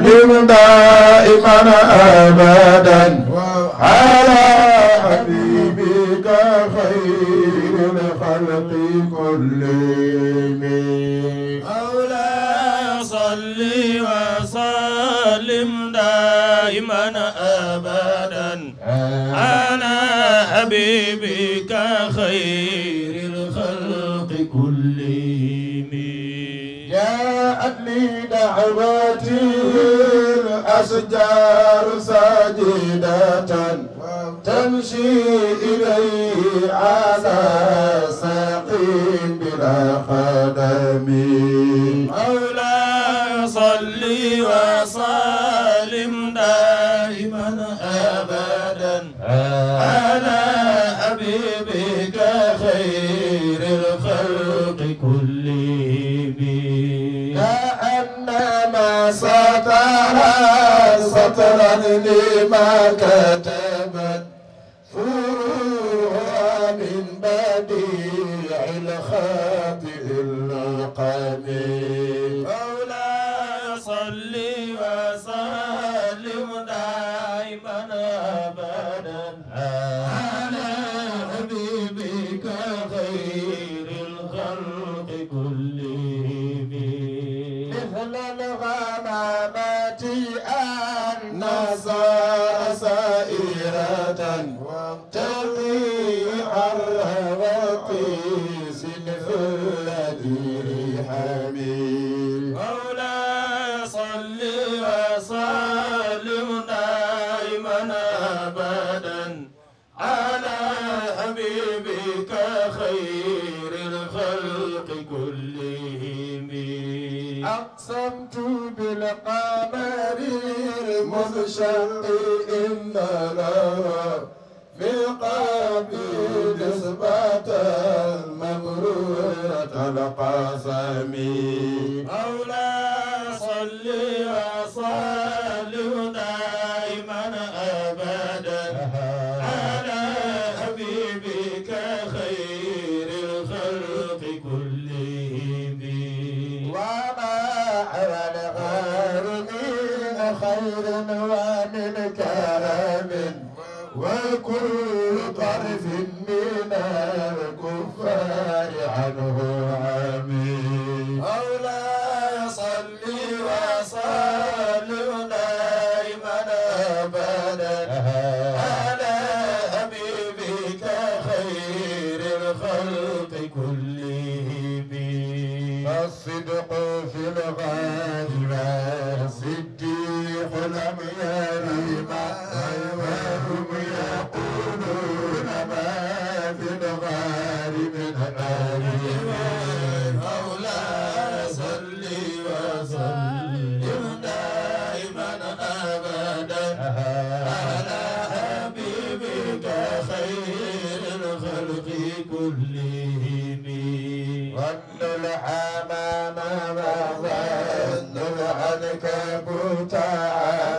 سلم دائما أبدا على الأشجار ساجدة تمشي إليه على ساق بلا قدم مولاي صلي وصلي وطرا لما كتب القمر المشق إن لها في قلبي نسبة مبرورة القاسم أولى صلي وصلي غالبا صديق لم يريب وهم يقولون ما في الغالب غالبا مولانا صل وسلم دائما ابدا على حبيبك خير الخلق كلهم وابن الحمام سبحانك بهتان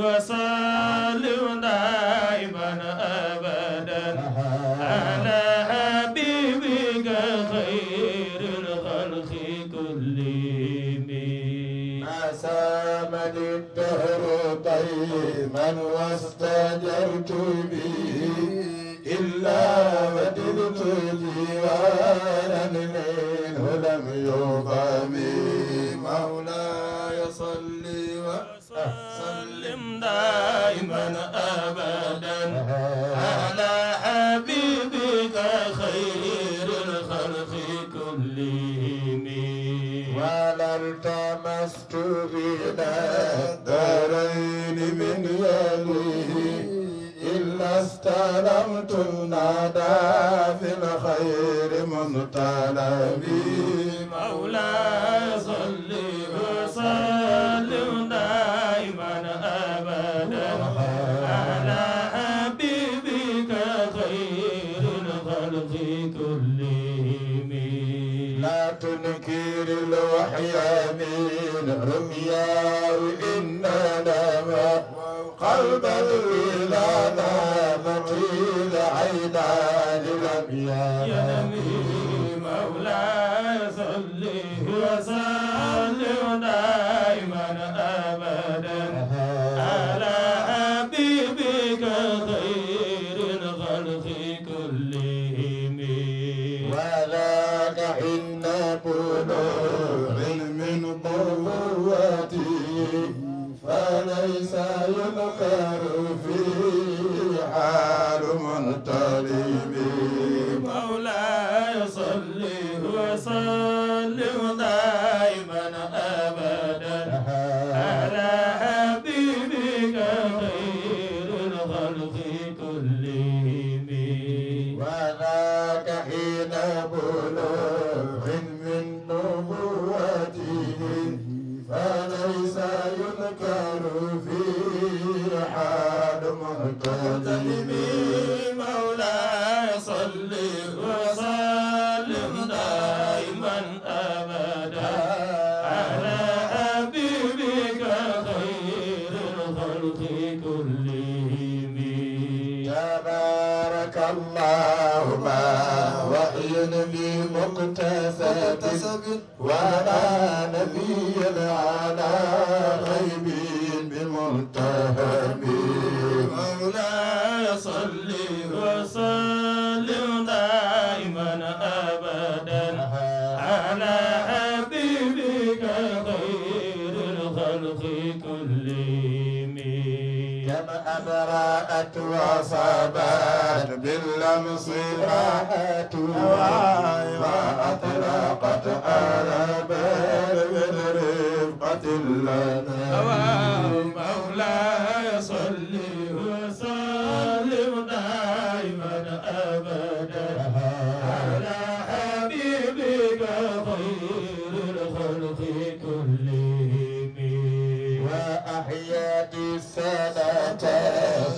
وصلوا دائما أبدا على حبيبك خير الخلق كلهم ما سام الدهر طيما واستجرت به إلا وددت جوانا منه لم يقامي دارين من يليه إلا استلمت الندى في الخير منطلبي مولاي صلى يا راحت وصبات باللمس راحت وأطلقت على بال من رفقة لنا مولاي صلى سنة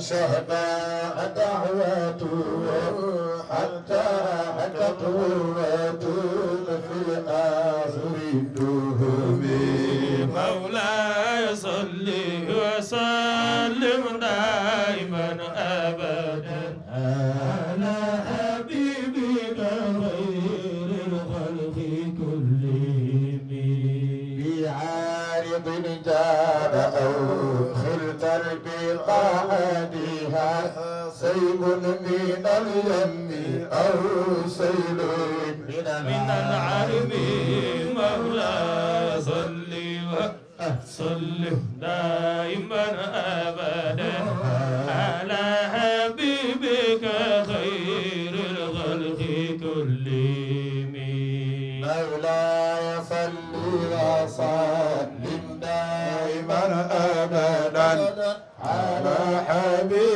شهداء دعوته حتى أتت وتون في آخر الدهر مولاي صلي وسلم دائما شيب من اليم أو سيل من العلم مولا صلي وسلم دائما أبدا على حبيبك خير الخلق كلهم مولاي صلي وسلم دائما أبدا على حبيبك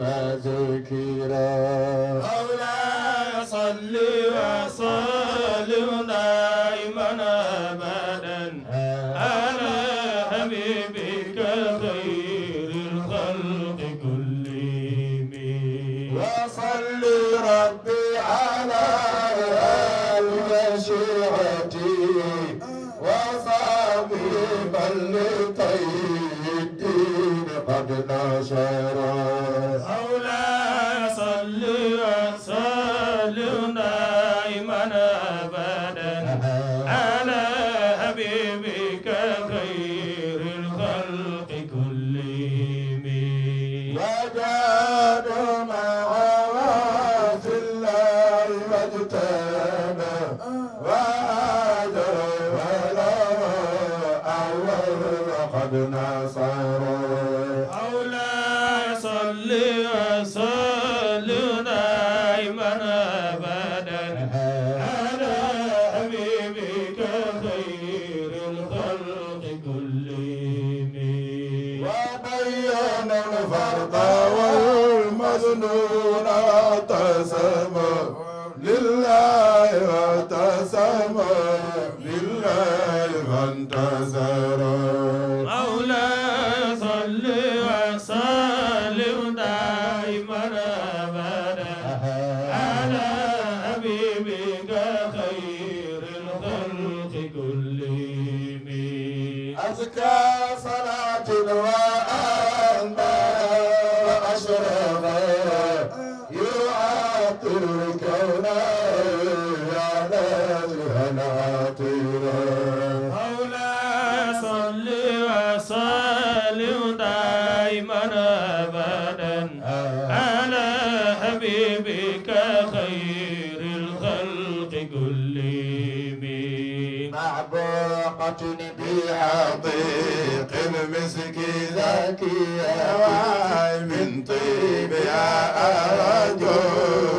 وذكرا مولاي صل وسلم ضيق المسك زكية من طيب يا أرجو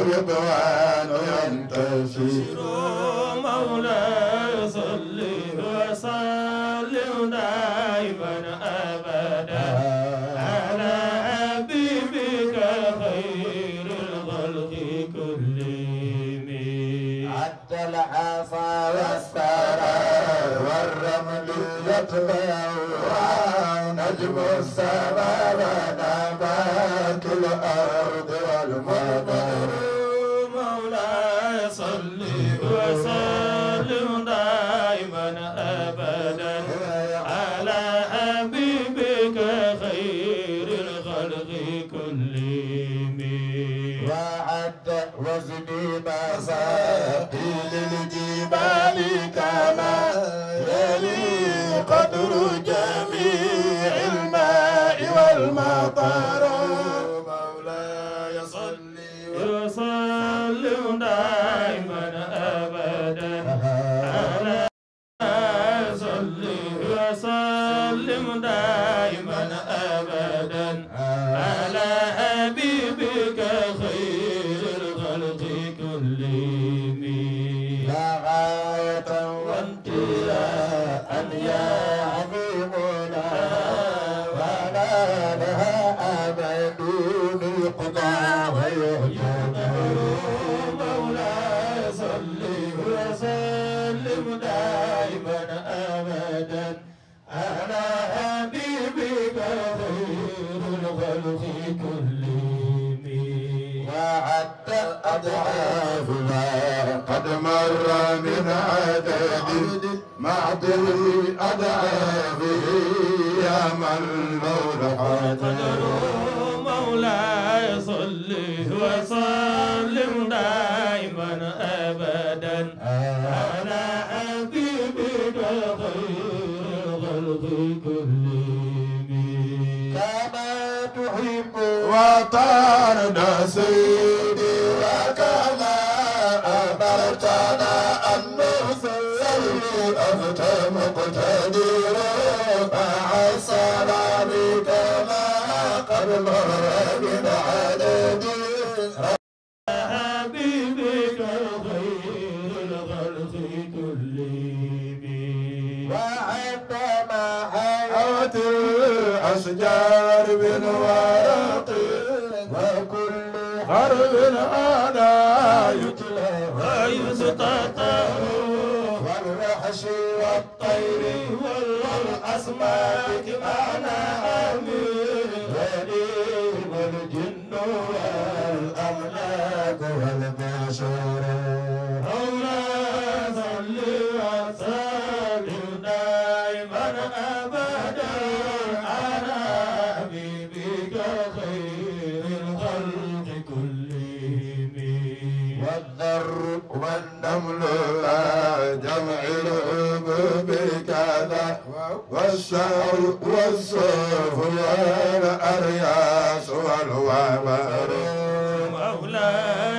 عدل أدابه يا من مولاه قدر مولاي صل وسلم دائما أبدا على حبيبك خير الخلق كلهم كما تحب وترضى سيدي مقتدرا مع السلام كما قد مر من عدد حبيبك الخير الخلق كلهم وعندما حياة الأشجار بالوعي جمع العبب كذا والسعر والصفيان أرياس والوامر مولاي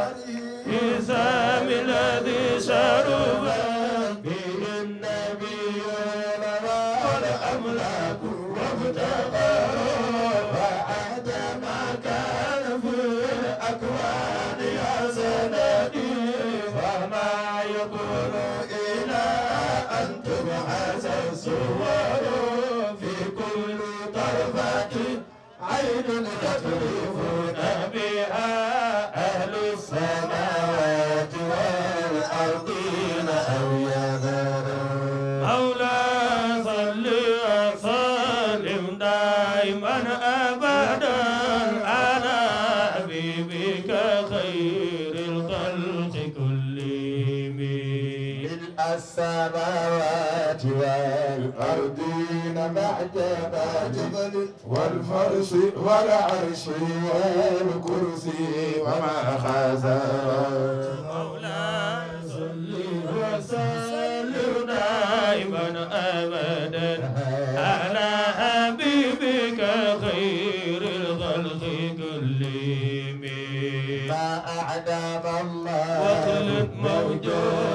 المثل والفرش والعرش والكرسي وما خزى مولاي صل وسلم دائما ابدا على حبيبك خير الخلق كلهم ما اعدم الله واخلق موجود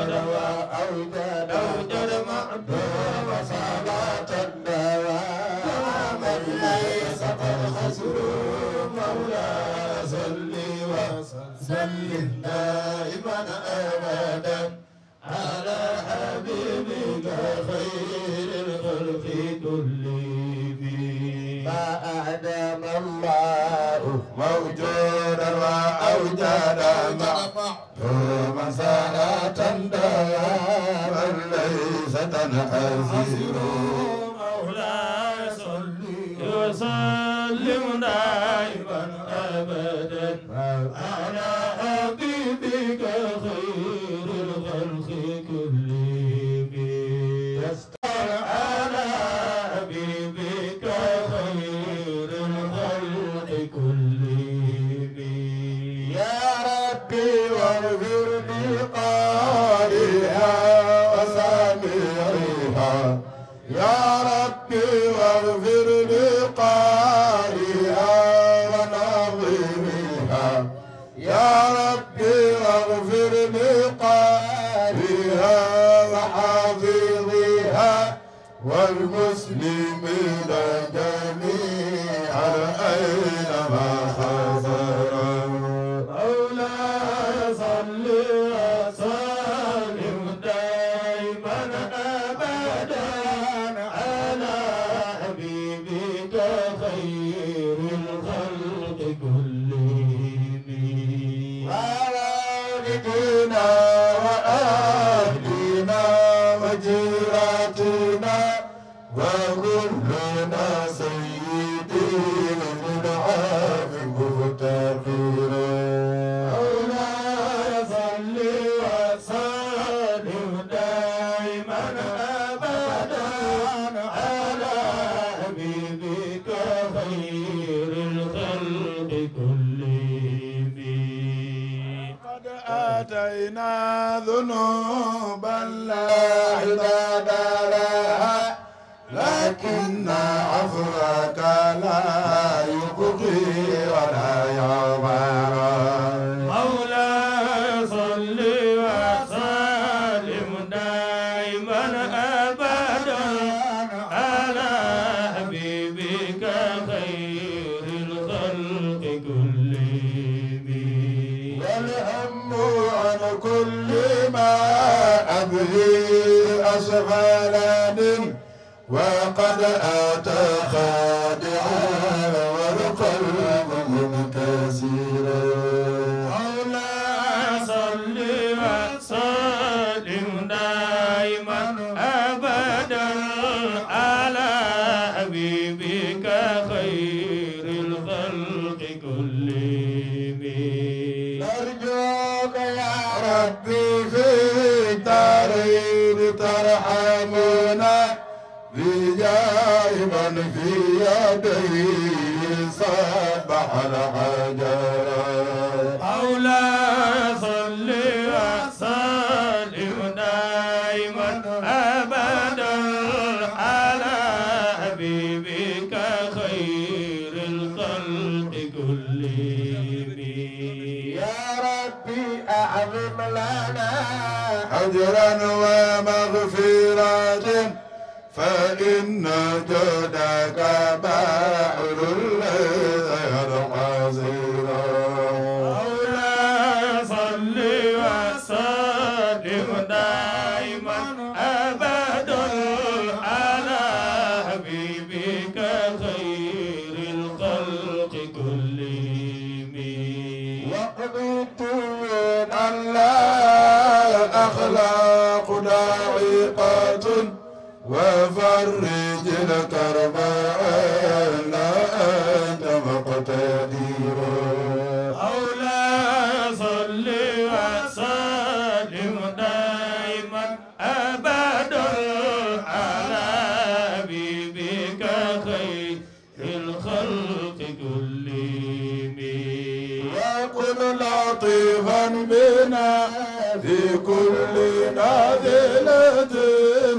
لي نازلة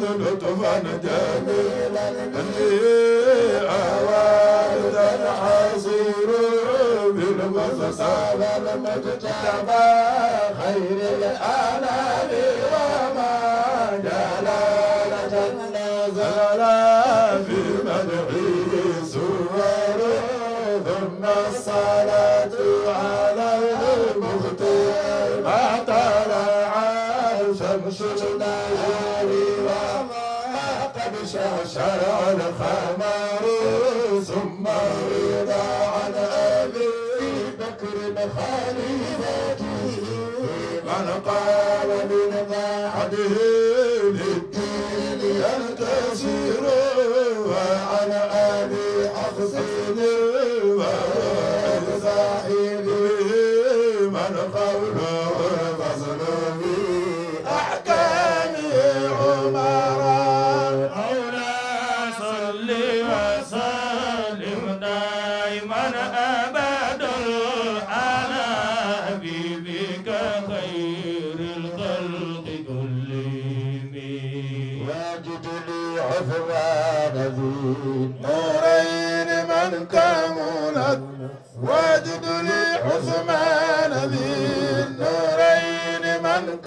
لطفا جميلا أني أواد حصير بالبسط المجتبى خير الأنام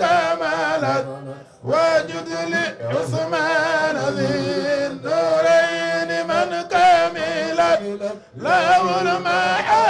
تمالت وجد لعثمان ذي النورين من كملت له المحال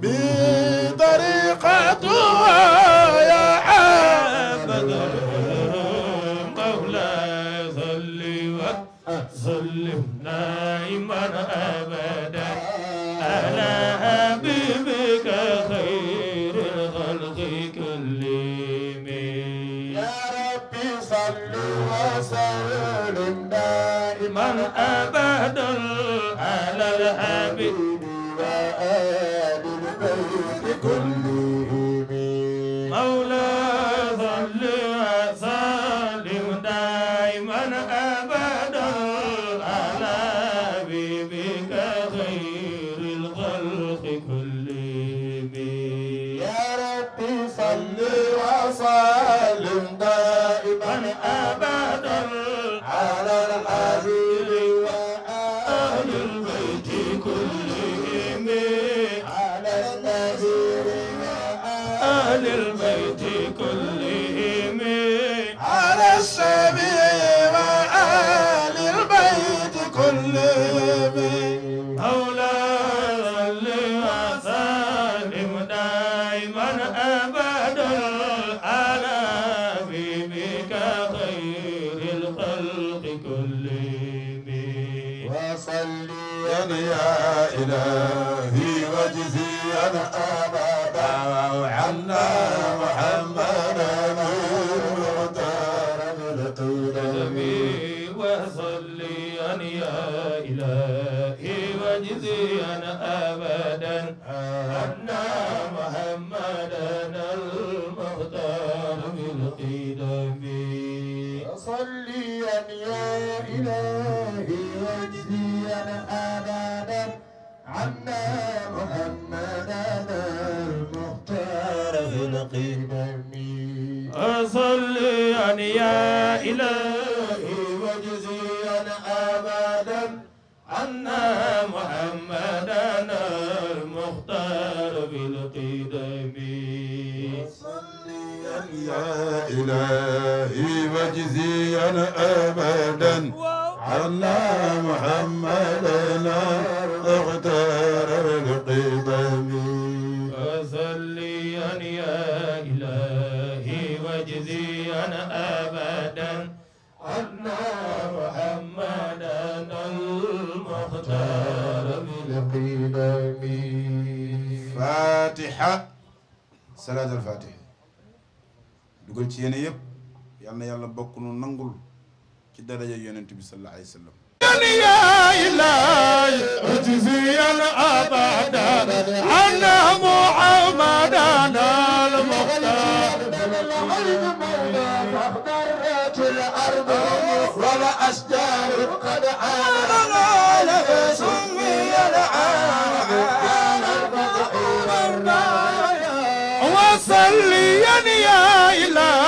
bi فصل أن يا إلهي وجزيا أبدا عنا محمدا المختار بالقدم يا إلهي وجزيا أبدا عنا محمدا المختار بالقدم fatiha salaat al fatiha dugal ci yéene yëpp yal na yàlla bokk nu nangul ci daraja yonent bi sallallahu alayhi wa sallam يا إلهي اجزيا أبدا عن محمدنا المختار ولا أشجار قد عالم سمي العام على البضع والرايا وصليا يا إله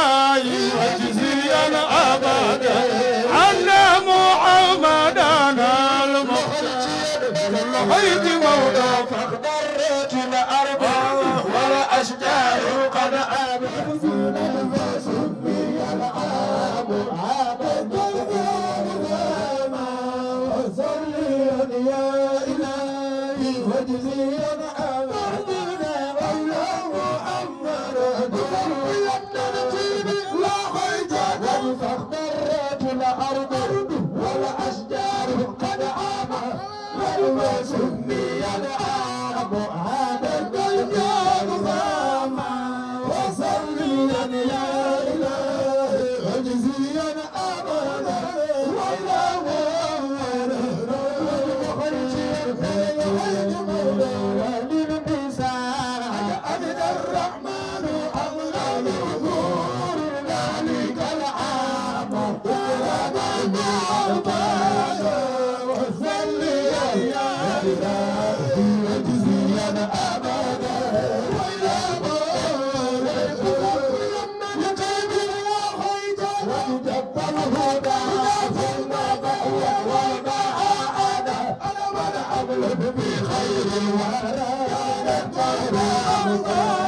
الله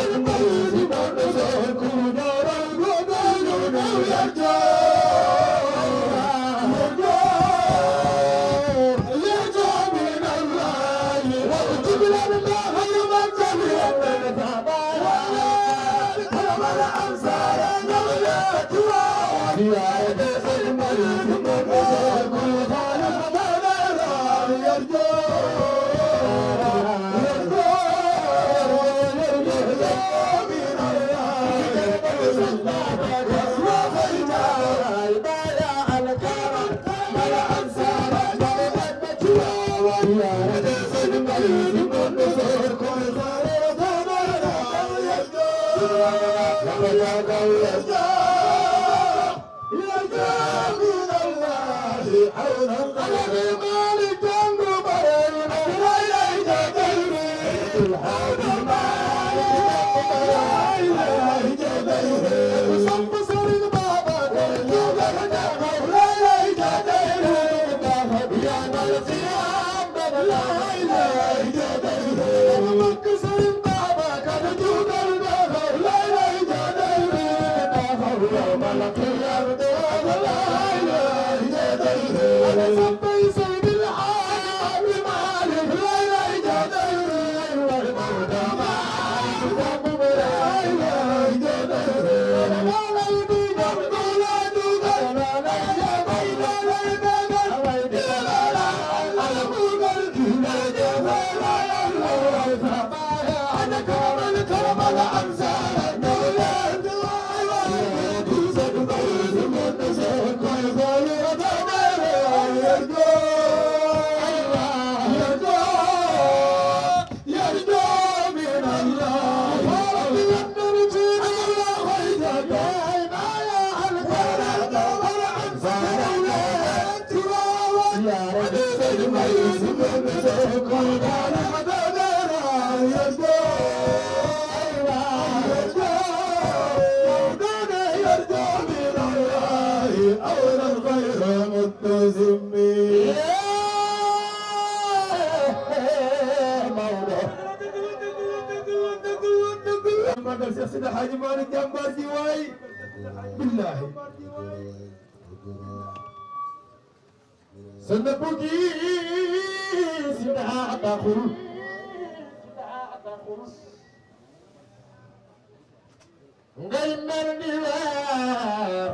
Seydi Hadji Malick jàmbaar ji waay billahi sanna bugi sindaha ata xuru ngay mel ni weer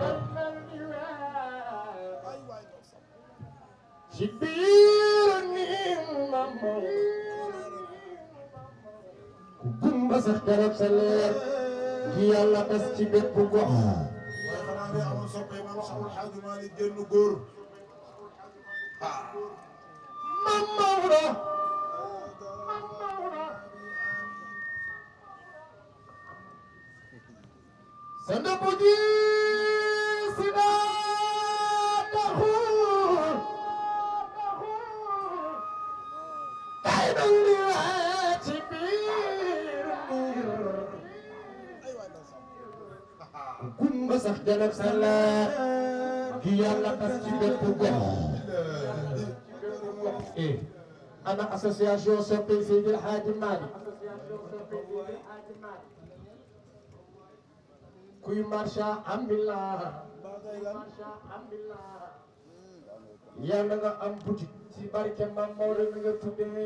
ci biir nimmam ku gumba sax garab sa leer gi yàlla tas ci bépp gox. Ah. waaye xanaa de amoon soppe maam Cheikh Alhaji Malick génn góor. ah. maam Maodo. sa ndëpp mooy sax janoog salaat gi yàlla tas ci bépp gox eh, ana association soppe Seydi El Hadji Malick kuy marcha ambillah yàlla nga am boutique ci barke Maam Maodo mi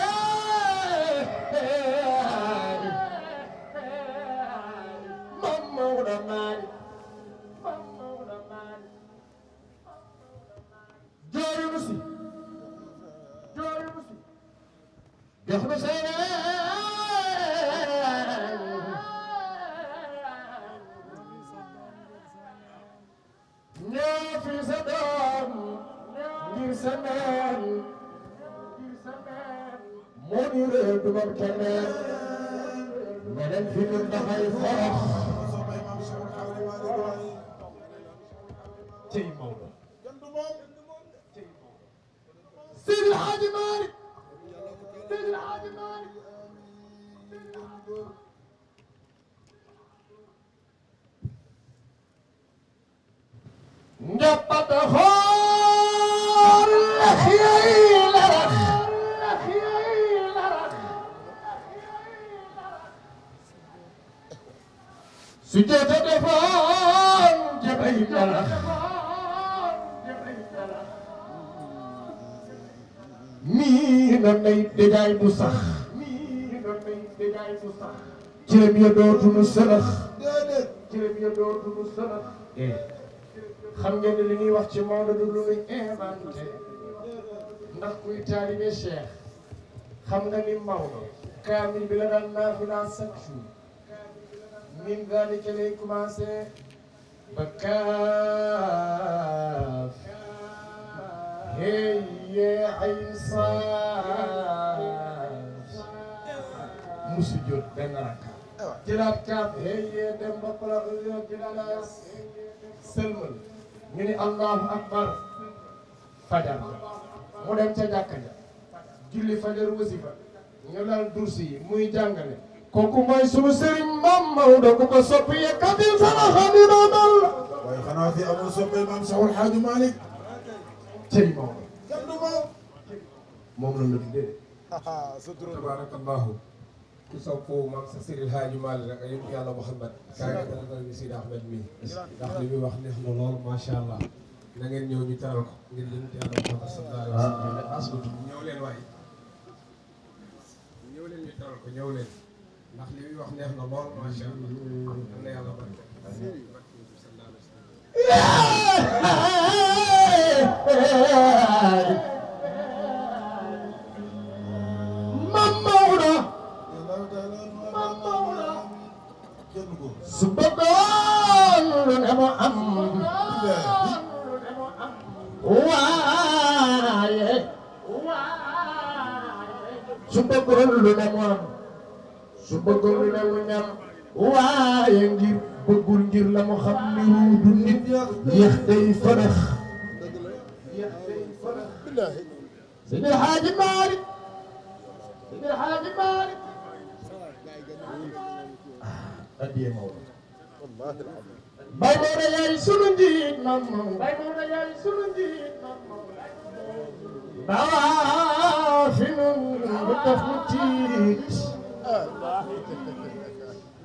degaay bu sax eh. li ñuy wax ci Maodo du lu muy xam nga ni Maodo kaamil bi la daan naafila chaque jour min daal di ca lay commencé هي عيساس مسجد دنرك جلاب كاب هي دم بطلق جلالاس سلمل من الله أكبر فجر mu dem ca jàkka ja julli fajar wasifa ñu lal dursi yi muy jàngale kooku mooy sunu sëriñ maam Maodo ku ko soppi yekkatil sama xam ni doo dal waaye xanaa fi amul soppi maam Sawul Xaaju Malik cëy Maodo moom la la tuddee tabaarakallaahu ku saw ko maam sa sëriñ Haaji Maalik rek ak yëpp yàlla Muhammad kaay nga dalal ñu mi ndax li wax neex na lool macha allah na ngeen ñu teral ko ngir leen yàlla Muhammad sallallahu alayhi wa leen ñu teral ko leen ndax li wax neex na lool macha allah am na yàlla waaye ngir bëggul ngir la mu xam ni ruudu nit yéex day fanax Seydi El Hadji Malick Seydi El Hadji Malick addiye mawɗo bay mawɗo yaari sunu njiit mamma bay mawɗo yaari sunu njiit mamma bawafinum mbuta futiit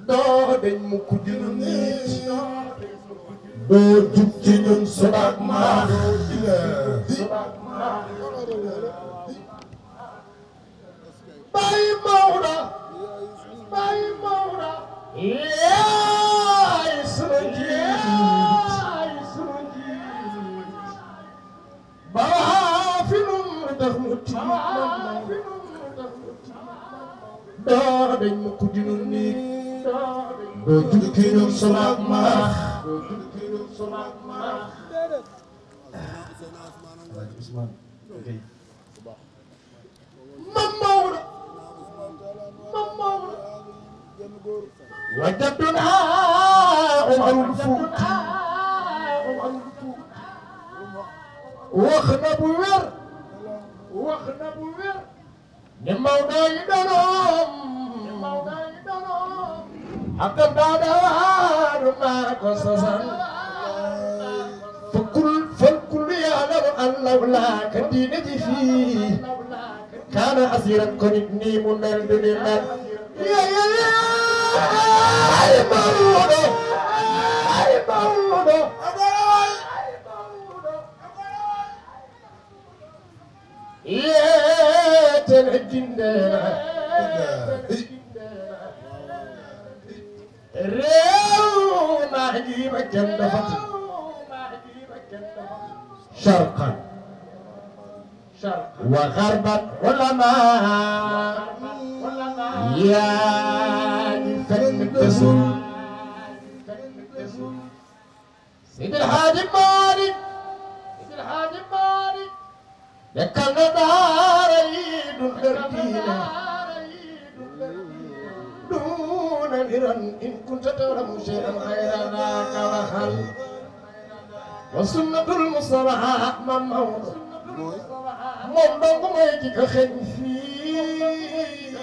ɗo deñ mukku jinu niit ɗo jukki ñun soɓak maa soɓak Baye Maodo Baye Maodo yaay sunu yaay sunu ba fi nu mu def mu tiim daa dañ ma ko dinu nii doo jukki ñun sunu ak maax doo jukki ñun sunu ak maax mam Maodo mam Maodo wajadun umarul um fuuti wax na bu wér wax na bu wér ne Maodo yi danoom ne Maodo yi danoom ak daadaaru maa ko sosan الله لا كدين فيه كان أسيرا كنتني منال بنمان يا يا يا أي مولود أي مولود يا تنجندنا ريو ما عجيبك جنة فتح شرقا وغربا علماء يا فلتزم سيد الحاج مالك سيد الحاج مالك لك النظار عيد الدردينا دون نيران إن كنت ترى شيئا غير ذاك وخل wa sunnatul mustafa man Maodo moom donc mooy ki ko xëñ fii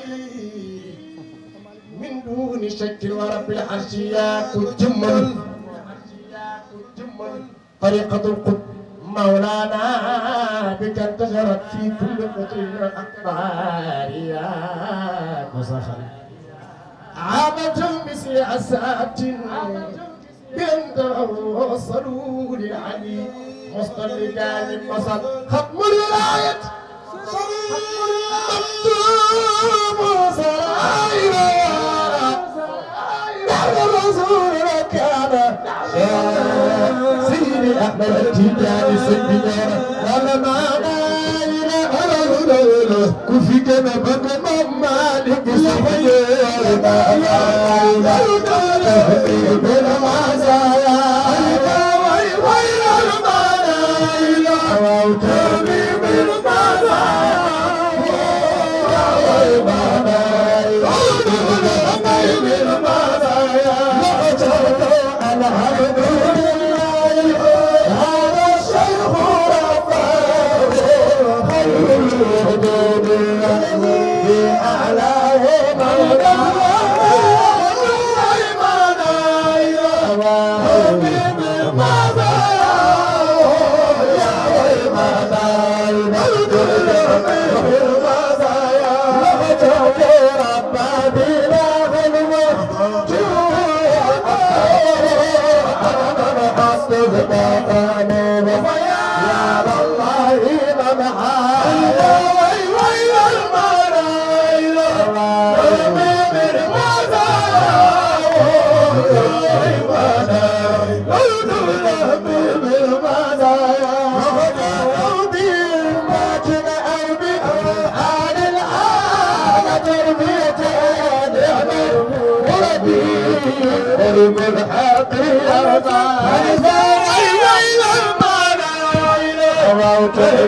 min duuni shakkin wa rabbil arshi yaa ko jëmmal tariqatul qut mawlaana bi kan tajarat fi kulli qutrin min al aqtaar yaa ko saxal aamatum bi siyaasatin بينده وصلوا للعلي مصطلقان المصل ختم الولاية مكتوب سرايا نحن رسول كان سيدي أحمد التجاري سيدنا ولمانا كفيك ما بقى مما نبصر يا بلا مازال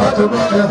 فتبت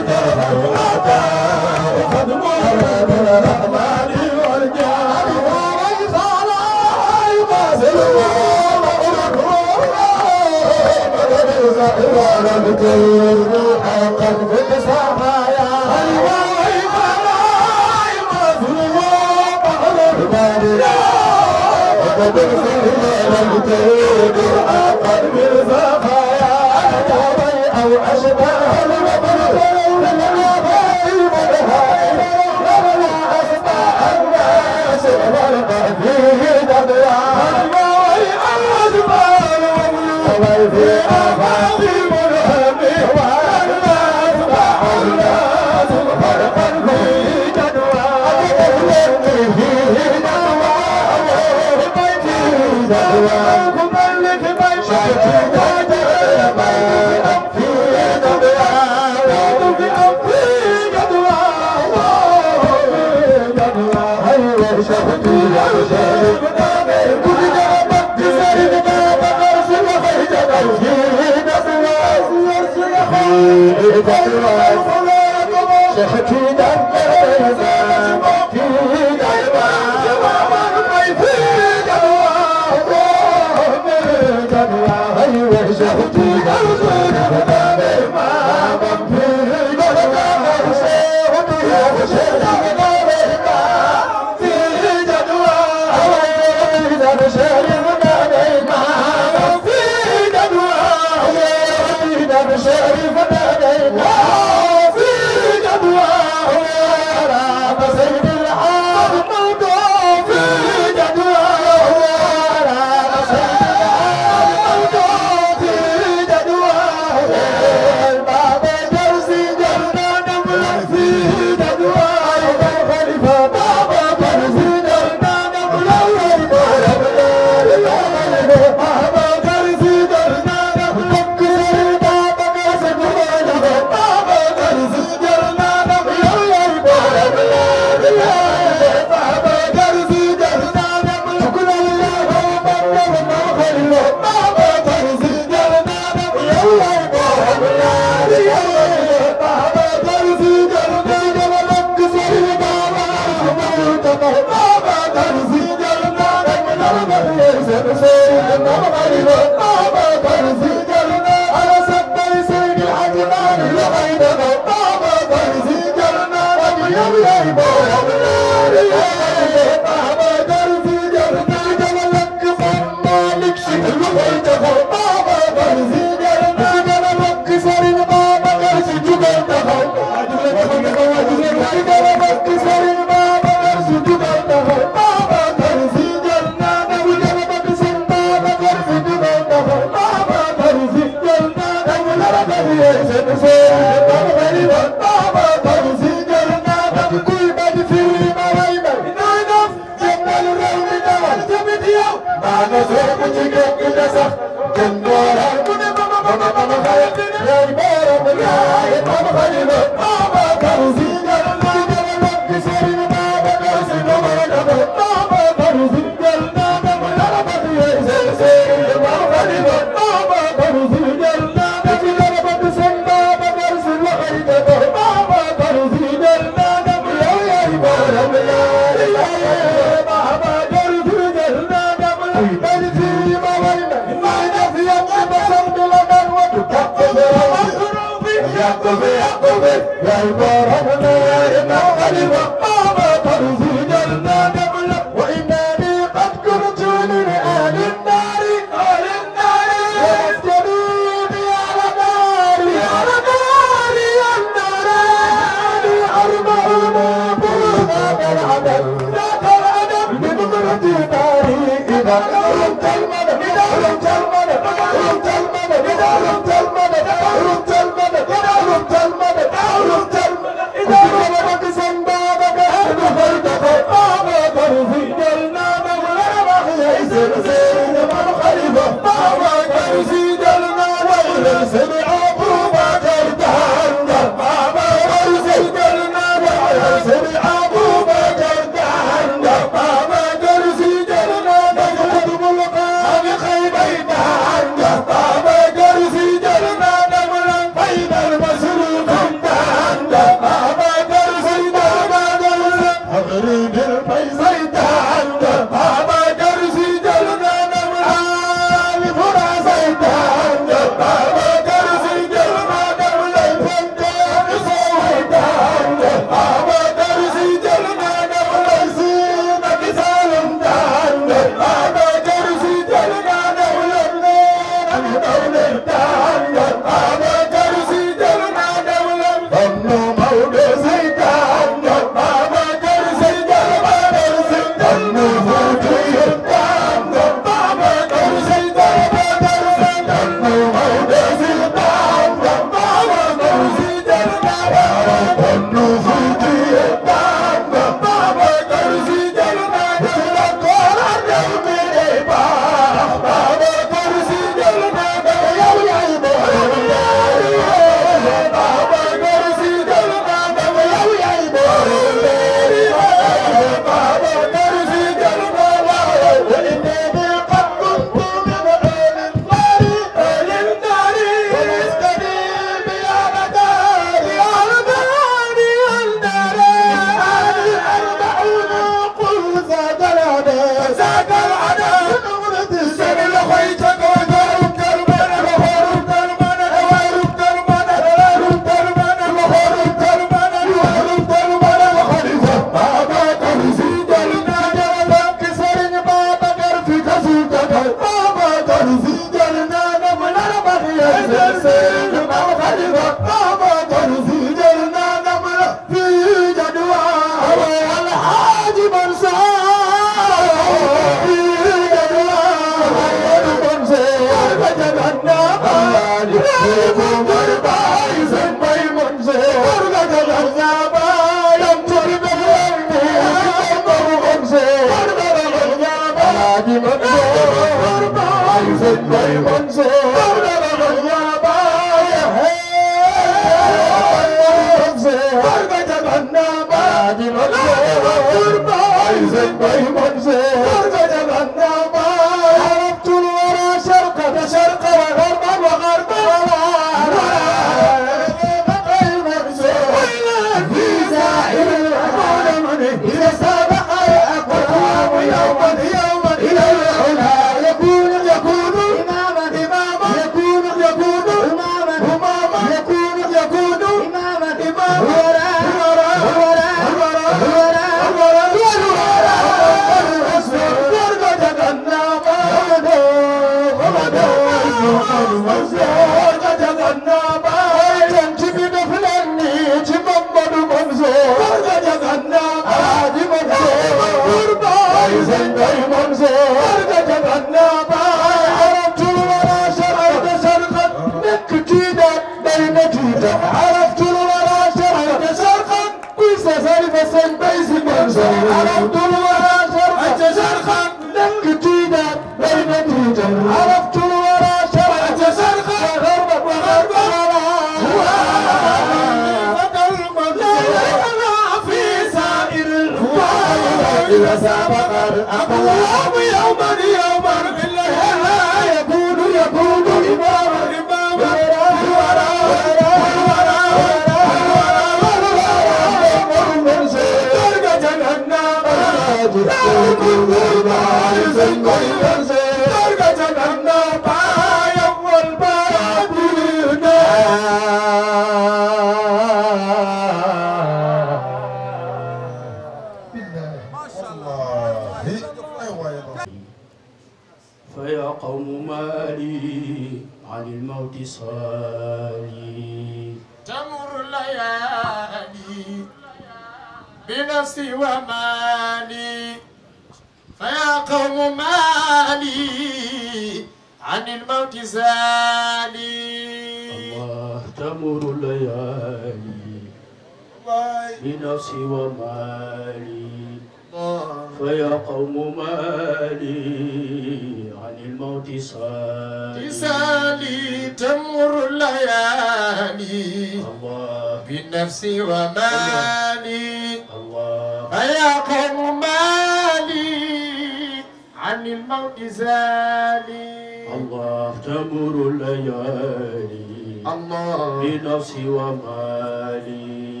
بنفسي ومالي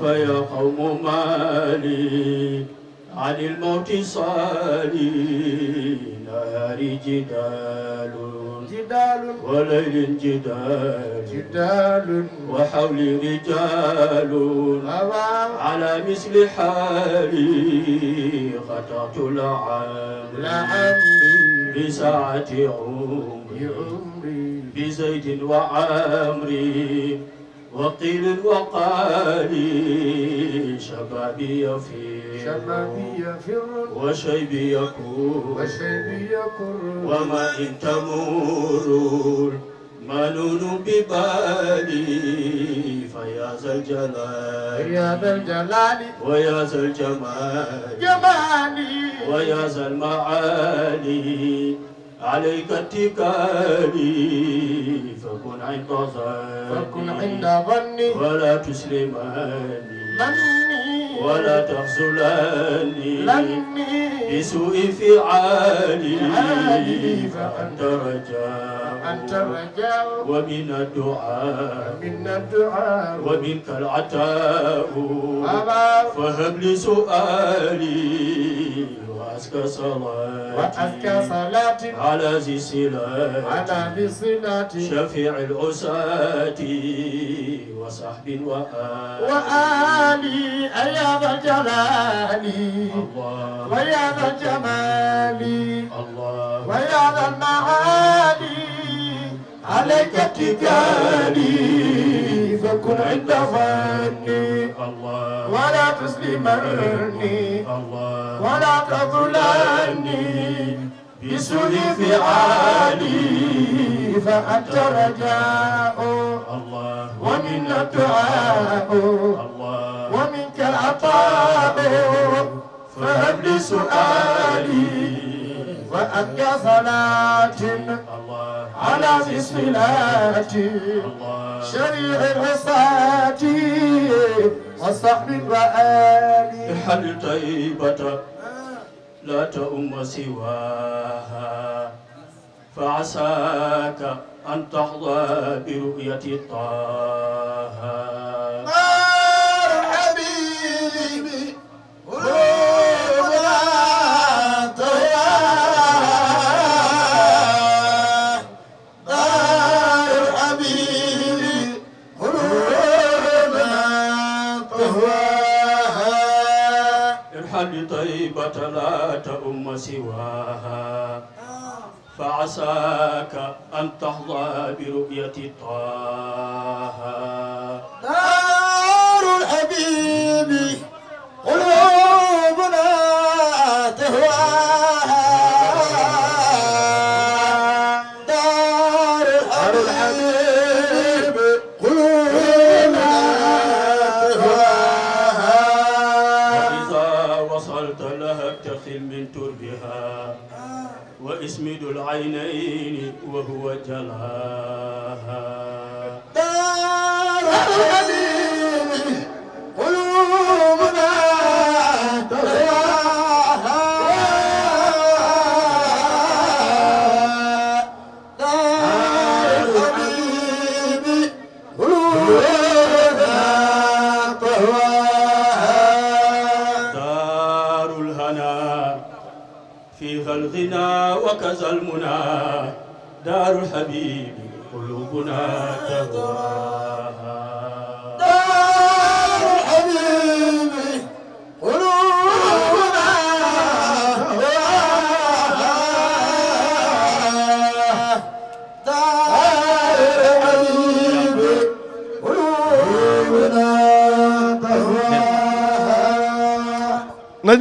فيا قوم مالي عن الموت صالي نار جدال جدال وليل جدال جدال وحولي رجال على مثل حالي خطأت لعمري بساعة عمري بزيد وعمري وقيل وقالي شبابي يفير شبابي يفر وشيبي يكور وشيبي يكور وما إن تمور منون ببالي فيا ذا الجلال يا ذا الجلال ويا ذا الجمال جمالي ويا ذا المعالي عليك اتكالي فكن عند ظني فكن عند ظني ولا تسلمني مني ولا تخذلني مني بسوء فعالي فأنت رجاء أنت رجاء ومن الدعاء من الدعاء ومنك العطاء فهب لي سؤالي وأزكى صلاة وأزكى صلاة على ذي صلاة على ذي صلاة شفيع الأساة وصحب وآل وآلي أيا ذا الجلال الله ويا ذا الجمال الله ويا ذا المعالي عليك اتكالي تكن عند ظني ولا تسلمني ولا تظلمني بسوء فعالي فأنت رجاء ومن الدعاء ومنك العطاء فهب لي سؤالي وأنك صلاة على بسملاتي شريع عصاتي وصحب وآلي حل طيبة لا تؤم سواها فعساك أن تحظى برؤية طه سواها فعساك أن تحظى برؤية طه دار الحبيب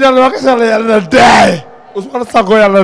yàlla wax yàlla yàlla na dee Ousmane Sango yàlla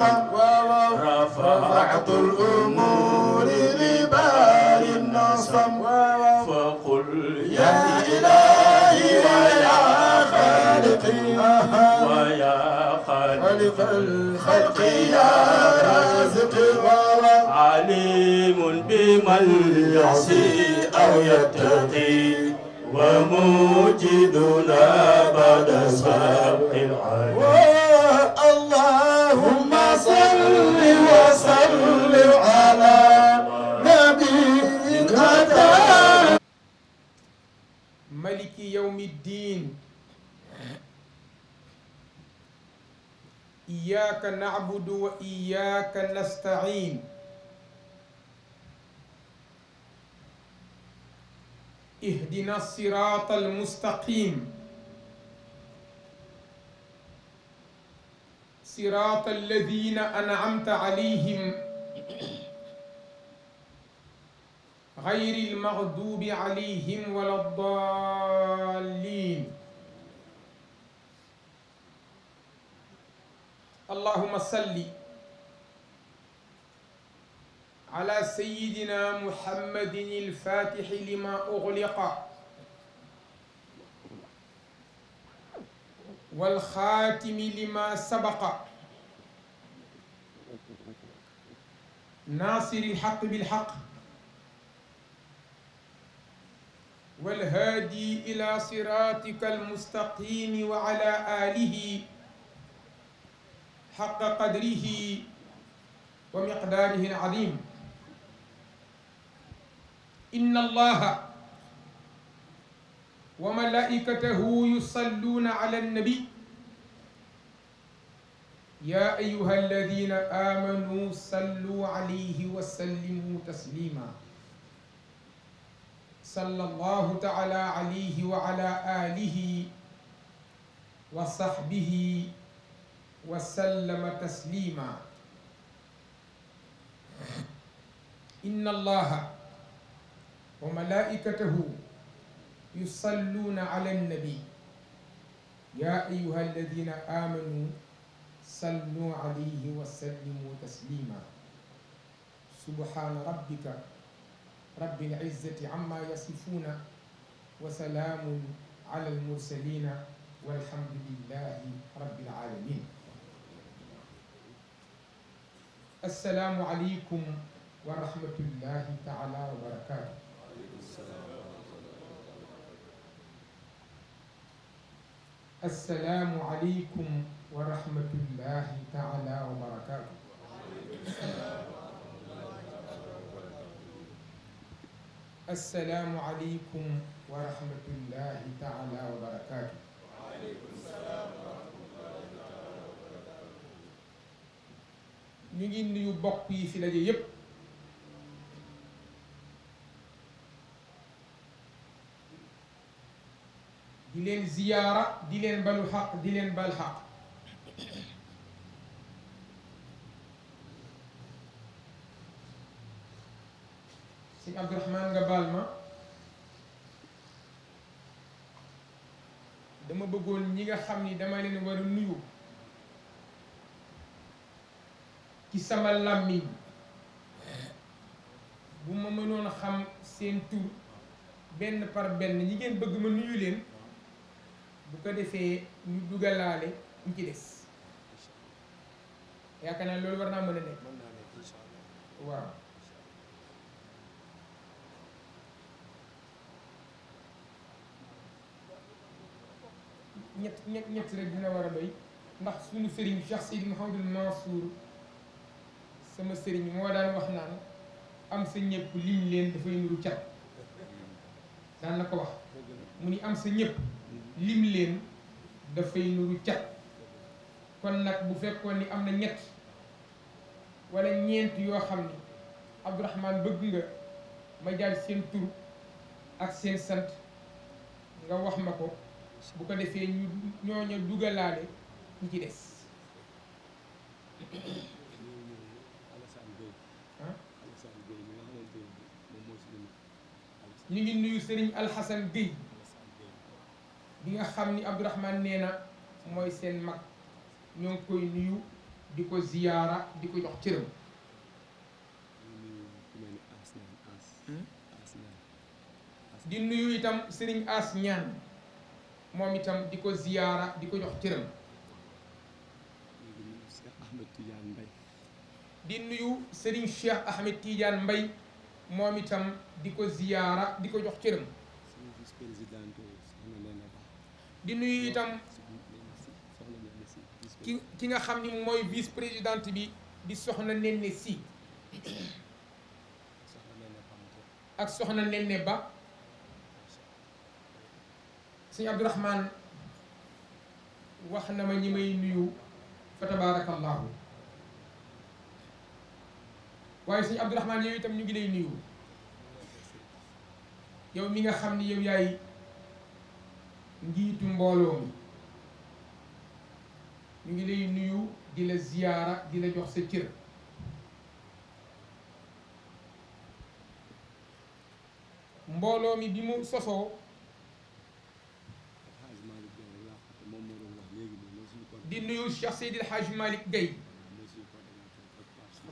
الخطا رفعت الامور لبار النصب فقل يا الهي ويا خالقي ويا خالق الخلق يا رازق عليم بمن يعصي او يتقي وموجدنا بعد سبق العليم maliki yawmi diin iyaaka nacbudu wa iyaaka nastaciin ihdina siraat almustaqiim صراط الذين أنعمت عليهم غير المغضوب عليهم ولا الضالين اللهم صل على سيدنا محمد الفاتح لما أغلق والخاتم لما سبق naasiri lxaq bilxaq walhaadi ila siratika almustaqimi wa ala alihi xaqa qadrihi wa miqdaarihi alazim inna allaha wa malaikatahu yusalluuna ala annabi yaa ayyuha alladina amanu sallu alayhi wa sallimu taslima sallallahu taala alayhi wa ala alihi wa sahbihi wa sallama taslima inna allaha wa malaikatahu yusalluna ala annabi ya ayyuha alladina amanu sallu alayhi wa sallimu taslima subhaana rabbika rabbil izzati amma yasifuuna wa salaamun ala almursalina walhamdulillahi rabbil alamin assalaamu aleykum wa rahmatullahi taala wa barakatu assalaamu aleykum wa rahmatullahi taala wa barakaatu assalaamu aleykum wa rahmatullahi taala wa barakaatu ñu ngi nuyu bokk yi fi daje yépp di leen ziyaara di leen balu xaq di leen bal xaq sëñ Abdourahmane nga baal ma dama bëggoon ñi nga xam ni dama leen war a nuyu ci sama làmmiñ bu ma mënoon xam seen tur benn par benn ñi ngeen bëgg ma nuyu leen bu ko defee ñu dugalaale ñu ci des yaakaar naa loolu war naa mën a nekk. naa nekk incha allah. waaw. ñett ñett ñett rek dina war a doy ndax suñu sëriñ Cheikh Sidi Mouhamadul Mansour sama sëriñ moo daan wax naan am sa ñëpp liñ leen dafay nuru cat daan na ko wax mu ni am sa ñëpp lim leen dafay nuru cat kon nag bu fekkoon ni am na ñett wala ñeent yoo xam ne Abdourahmane bëgg nga ma jaar seen tur ak seen sant nga wax ma ko bu ko defee ñu ñooñu dugalaale ñi ci des ñu ngi nuyu Serigne Alxasan Gueye bi nga xam ni Abdourahmane nee na mooy seen mag ñoo ngi koy nuyu di ko ziyaara di ko jox cëram hmm? di nuyu itam sëriñ As ñaan moom itam di ko ziyaara di ko jox cëram di nuyu sëriñ Cheikh Ahmed Tidiane Mbaye moom di ko ziyaara di ko jox cëram di nuyu itam ki ki nga xam ni mooy vice président bi di soxna Nene Si ak soxna Nene Ba sëñ Abdourahmane wax na ma ñi may nuyu fa tabaarakallaahu waaye sëñ Abdourahmane yow itam ñu ngi lay nuyu yow mi nga xam ni yow yaay njiitu mbooloo mi ñu ngi lay nuyu di la ziyaara di jox sa cër mbooloo mi bi mu sosoo di nuyu Cheikh Seydil Hadj Malick Gueye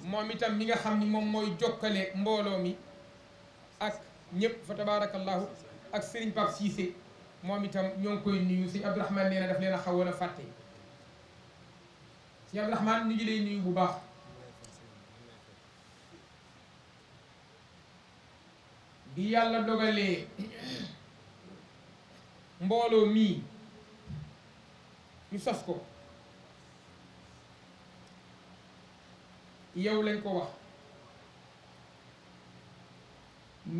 moom itam mi nga xam ni moom mooy jokkale mbooloo mi ak ñëpp fa tabaarakallahu ak Serigne Pape Cissé moom itam ñoo ngi koy nuyu si Abdourahmane nee na daf leen a xawoon fàtte Cheikh Abdourahmane ñu ngi lay nuyu bu baax bi yàlla dogalee mbooloo mii ñu sas ko yow lañ ko wax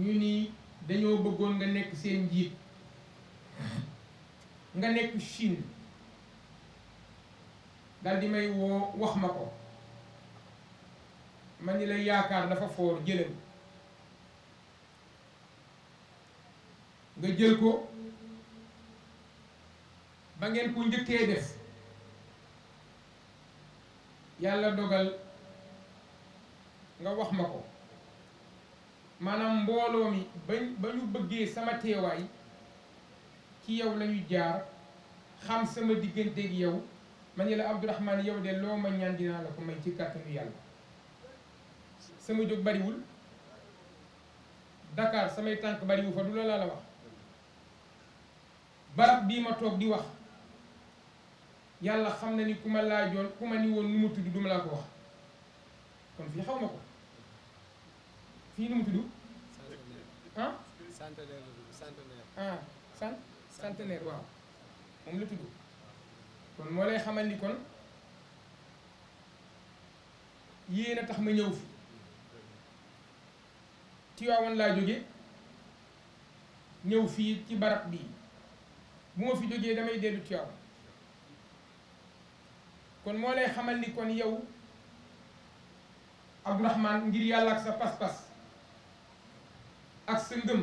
ñu ni dañoo bëggoon nga nekk seen njiit nga nekk Chine dal di may woo wax ma ko ma ni la yaakaar dafa foor jëlem nga jël ko ba ngeen ku njëkkee def yàlla dogal nga wax ma ko maanaam mbooloo mi bañ ba ñu bëggee sama teewaay ci yow lañu jaar xam sama diggante ak yow ma ne la Abdourahmane yow de loo ma ñaan dinaa la ko may ci kàttanu yàlla sama jóg bariwul Dakar samay tànk bariwul fa du la laa la wax barab bii ma toog di wax yàlla xam na ni ku ma laajoon ku ma ni woon nu mu tudd du ma laa ko wax kon fii xaw ma ko fii nu mu tudd sant sant ah centenaire waaw moom la tudd kon moo lay xamal ni kon yéen a tax ma ñëw fi Tiwaawan laa jóge ñëw fii ci barab bii bu ma fi jógee damay dellu Tiwaawan kon moo lay xamal ni kon yow Abdourahmane ngir yàlla ak sa pas-pas ak sa ngëm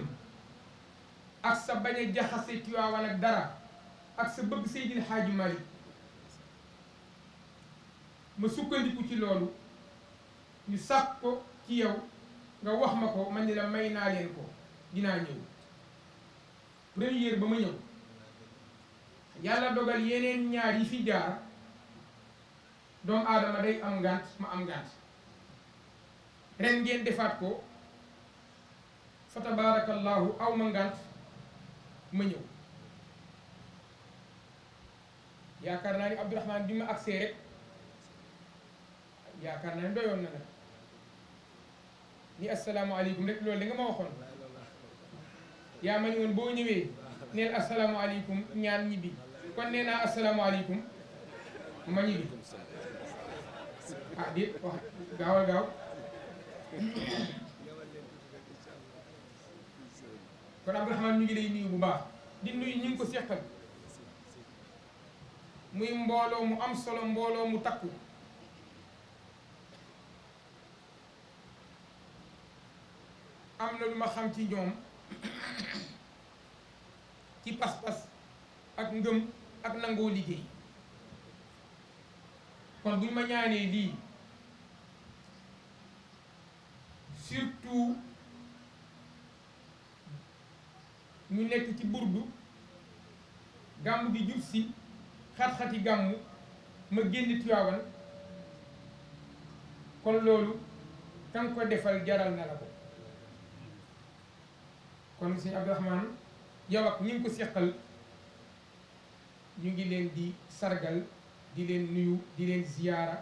ak sa bañ a jaxase Tiwaawan ak dara ak sa bëgg Seydil Hadji Malick ma sukkandiku ci loolu ñu sàkk ko ci yow nga wax ma ko man ni la may naa leen ko dinaa ñëw première ba ma ñëw yàlla dogal yeneen ñaar yi fi jaar doomu aadama day am ngànt ma am ngànt ren ngeen defaat ko fa tabaarakallaahu aw ma ngànt ma ñëw yaakaar naa ni Abdourahmane bi ma agsee rek yaakaar naa ne doyoon na nag ni asalaamaaleykum rek loolu li nga ma waxoon yaa ma ni woon boo ñëwee neel asalaamaaleykum ñaan ñibbi kon nee naa asalaamaaleykum ma ñibbi ah déet wax gaawal gaaw kon Abdourahmane ñu ngi lay nuyu bu baax di nuy ñu ngi ko seqal muy mbooloo mu am solo mbooloo mu takku. am na lu ma xam ci ñoom ci pas-pas ak ngëm ak nangoo liggéey kon buñ ma ñaanee lii surtout ñu nekk ci burdu gàmm gi jub si xat-xati gàmm ma génn Tiwaawan kon loolu kan ko defal jaral na la ko kon sëñ Abdourahmane yow ak ñi ko seqal ñu ngi leen di sargal di leen nuyu di leen ziyaara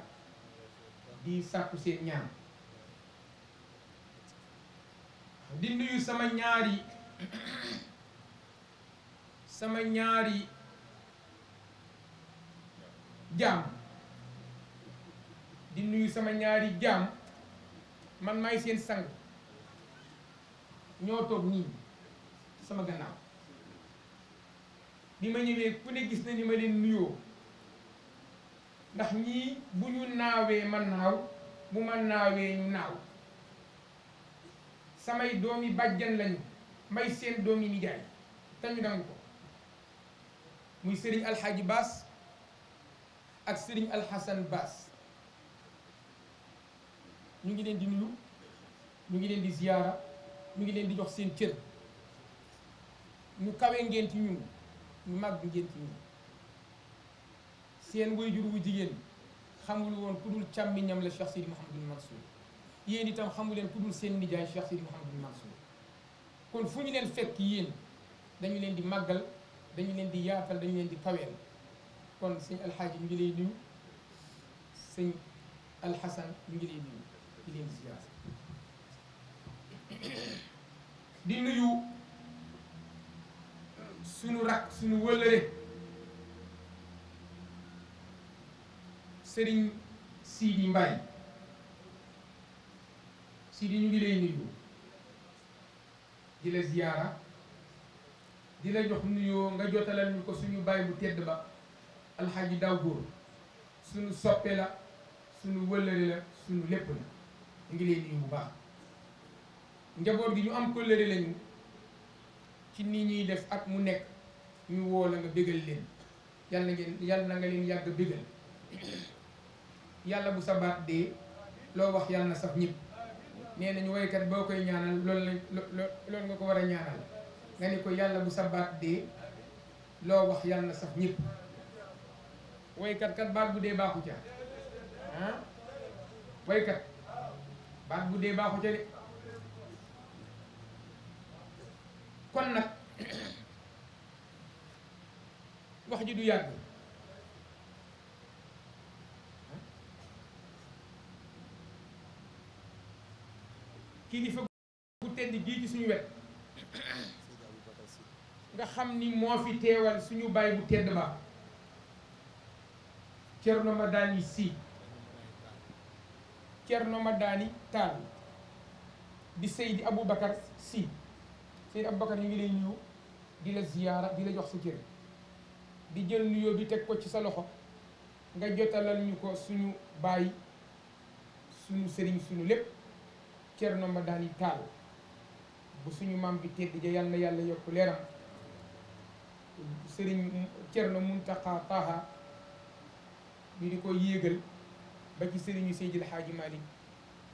di sàkku seen ñaan di nuyu sama ñaari sama ñaari jaam di nuyu sama ñaari jaam man maay seen sang ñoo toog nii sama gannaaw bi ma ñëwee ku ne gis na ni ma leen nuyoo ndax ñii bu ñu naawee ma naaw bu ma naawee ñu naaw samay doom doomi bàjjan lañu may seen doomi nijaay te ñu nangu ko muy sëriñ alxaaji baas ak sëriñ alxasan baas ñu ngi leen di nuyu ñu ngi leen di ziyaara ñu ngi leen di jox seen cër ñu kawe ngeen ci ñun ñu màgg ngeen ci ñun seen waajur wu jigéen xamul woon ku dul ñam la Cheikh Sidi Mouhamadul Mansour yéen itam xamu leen ku dul seen nijaay Cheikh Sidi Mouhamadul Mansour kon fu ñu leen fekk yéen dañu leen di màggal dañu leen di yaatal dañu leen di kaweel kon sëñ alxaaji ñu ngi lay nuyu sëñ alxasan ñu ngi leen di nuyu suñu rakk suñu wëllëre sëriñ Sidi Mbaye Sidi ñu ngi lay nuyu di la ziyaara di jox nuyoo nga jotalal ñu ko suñu baay bu tedd ba alxaaji daaw góor sunu soppe la suñu wëllëre la suñu lépp la ñu ngi lay nuyu bu baax njaboot gi ñu am kóllëre lañu ci nii ñuy def at mu nekk ñu woo la nga bégal leen yàlla ngeen yàlla na nga leen yàgg bégal yàlla bu sa baat dee loo wax yàlla na saf ñëpp nee nañu woykat boo koy ñaanal loolu la nga ko war a ñaanal nga ne ko yàlla bu sa baat dee loo wax yàlla na saf ñëpp woykat kat baat bu dee baaxu ca ah woykat baat bu dee baaxu ca kon nag wax ji du yàgg kilifa gu tedd gii ci suñu wet nga xam ni moo fi teewal suñu baay bu tedd ba Cerno Madani Si Cerno Madani Tall di Seydi Aboubacar Si ab Aboubacar ñu ngi lay nuyu di la ziyaara di la jox sa cër di jël nuyoo bi teg ko ci sa loxo nga jotalal ñu ko suñu bàyyi suñu sëriñ suñu lépp Cerno Madani Taal bu suñu maam bi tedd ja yal yàlla yokk leeram sëriñ Cerno Muntaqa Taha ñu di ko yéegal ba ci sëriñu Seydil Haaji Malik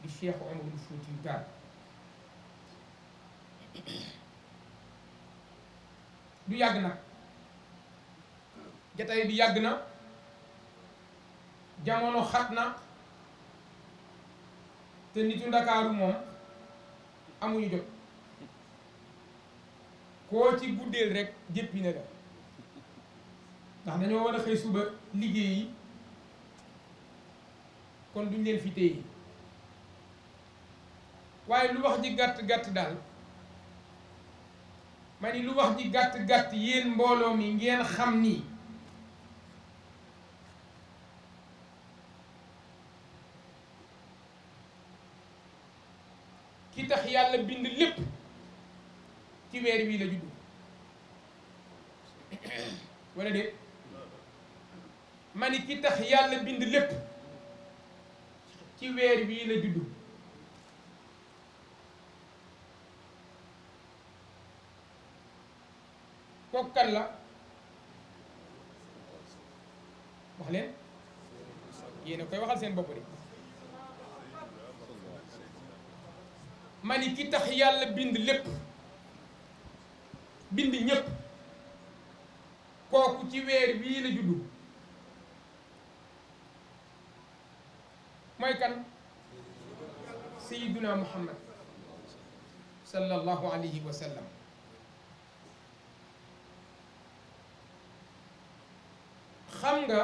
di Cheikh Omarul Fuutiyu Taal du yàgg nag jataay bi yàgg na jamono xat na te nitu ndakaaru moom amuñu jot koo ci guddeel rek jéppi na ndax dañoo war a xëy suba liggéey yi kon duñ leen fi téye waaye lu wax ji gàtt gàtt daal ma ni lu wax ni gàtt-gàtt yéen mbooloo mi ngeen xam ni ki tax yàlla bind lépp ci weer wii la juddu wala déet ma ni ki tax yàlla bind lépp ci weer wii la juddu kooku kan la wax leen koy waxal seen bopp de ma ni ki tax yàlla bind lépp ñépp kooku ci weer wii la juddu mooy kan sayyiduna muhammad sallallahu alayhi wa sallam xam nga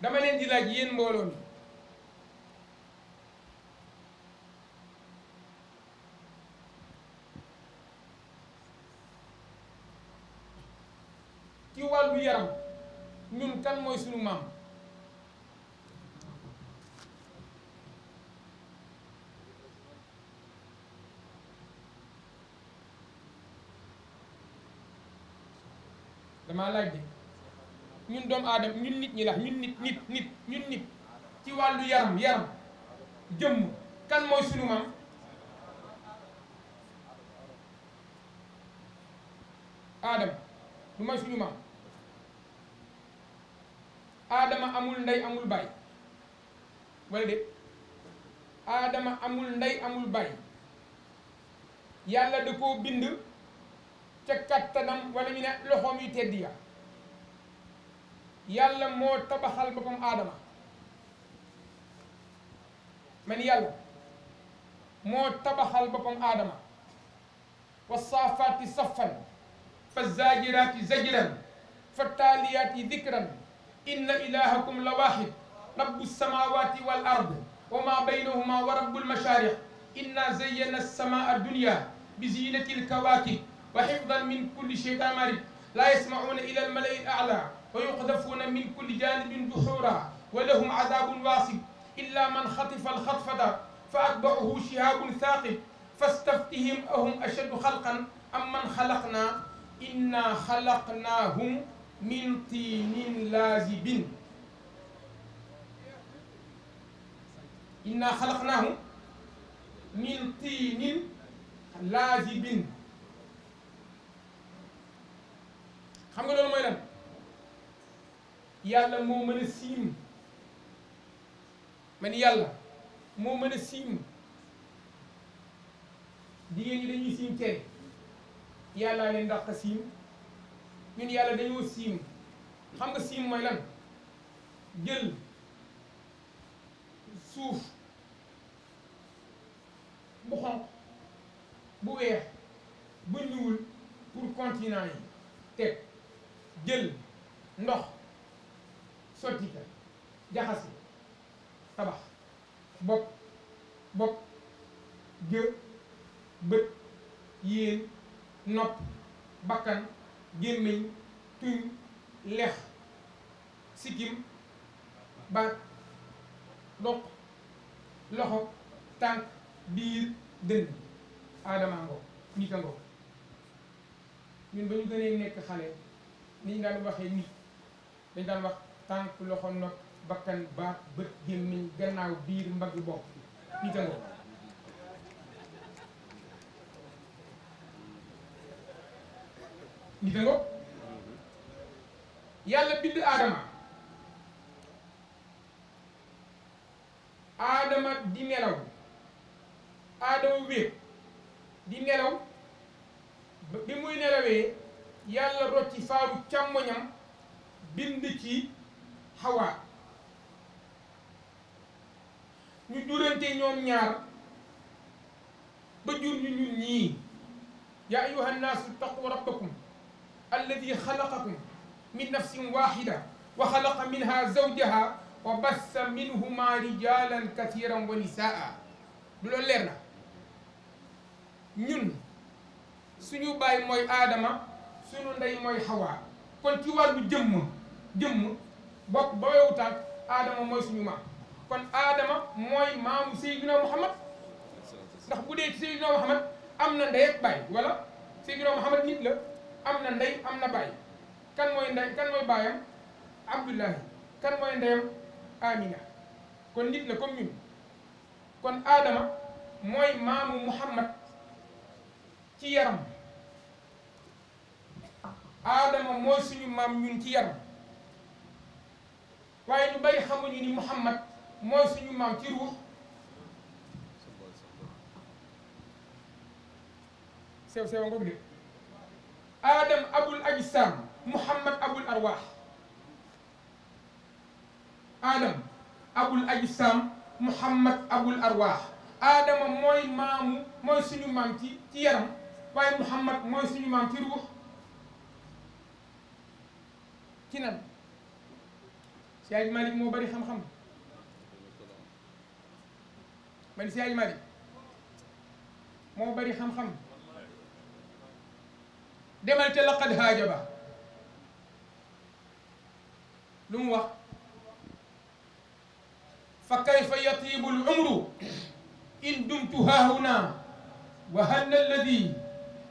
dama leen di laaj yéen mbooloo mi ci wàllu yaram ñun kan mooy sunu maam damaa laaj de ñun doom aadama ñun nit ñi lax ñun nit nit nit ñun nit ci wàllu yaram yaram jëmm kan mooy sunu maam aadama du mooy suñu maam aadama amul ndey amul baay wala de aadama amul ndey amul baay yàlla da koo bind ca kattanam wala ñu ne loxoom yu tedd ya yàlla moo tabaxal boppam aadama man yàlla moo tabaxal boppam aadama wa saafaati safan fa zaajiraati zajran fa taaliyaati dikran inna ilahakum la waaxid rabbu samawati wal ard wa ma baynahuma wa rabbul mashaariq inna zayyana alsamaa dunya bi ziinati alkawaakib wa xifdan min kulli sheytaan marid laa yasmacuuna ila almalai al acla wa yuqdafuuna min kulli janibin duxuura wa lahum cadaabun waasib illa man xatifa alxatfata fa atbacahu shihaabun saaqib fastaftihim ahum ashaddu xalqan am man xalaqnaa innaa xalaqnaahum min tiinin laazibin innaa xalaqnaahum min tiinin laazibin xam nga loolu mooy lan yàlla moo mën a siim man yàlla moo mën a siim jigéen yi dañuy siim cere yàllaa leen ndax siim ñun yàlla dañoo siim xam nga siim mooy lan jël suuf bu xonq bu weex bu ñuul pour continent teg jël ndox sotti ka jaxasi tabax bopp bopp gë bët yéen nopp bakkan gémmiñ tuñ lex sikkim baat doq loxo tànk biir dënn aadama ngoo ngoo ñun ba ñu gënee nekk xale ni ñu waxee nit dañ daan wax tànk loxo nopp bakkan baat bët gémmiñ gannaaw biir mbagg bopp nit a nga nit a nga yàlla bind aadama aadama di nelaw aadama wéet di nelaw bi muy nelawee yàlla rocci faaru càmmoñam bind ci Hawa ñu durante ñoom ñaar ba jur ñu ñun ñii yaa ayuha nnaasu taqu rabbakum alladi xalaqakum min nafsin waxida wa xalaqa minha zawjaha wa bassa minhuma rijalan kathiran wa nisaa du loolu leer na ñun suñu bàyyi mooy aadama sunu ndey mooy xawaa kon ci wàllu jëmm jëmm bokk ba wewutaan aadama mooy suñu maam kon aadama mooy maamu Seydina Muhammad ndax bu dee ci Seydina Muhammad am na ndey ak baay wala Seydina Muhammad nit la am na ndey am na baay kan mooy ndey kan mooy baayam Abdullahi kan mooy ndeyam Amina kon nit la comme ñun kon aadama mooy maamu Muhammad ci yaram aadama mooy suñu maam ñun ci yaram waaye ñu bari xamuñu ni muhammad mooy suñu maam ci ruux sew sew ngoog de aadam abul ajsam muhammad abul arwaax aadam abul ajsam muhammad abul arwaax aadama mooy maamu mooy suñu maam ci ci yaram waaye muhammad mooy suñu maam ci ruux ci nan si Hadj Malick moo bari xam-xam ma ni si Hadj Malick moo bari xam-xam demal te laqad haajaba lu mu wax fa kayfa yatibu l umru in dumtu haahuna wa hanna alladi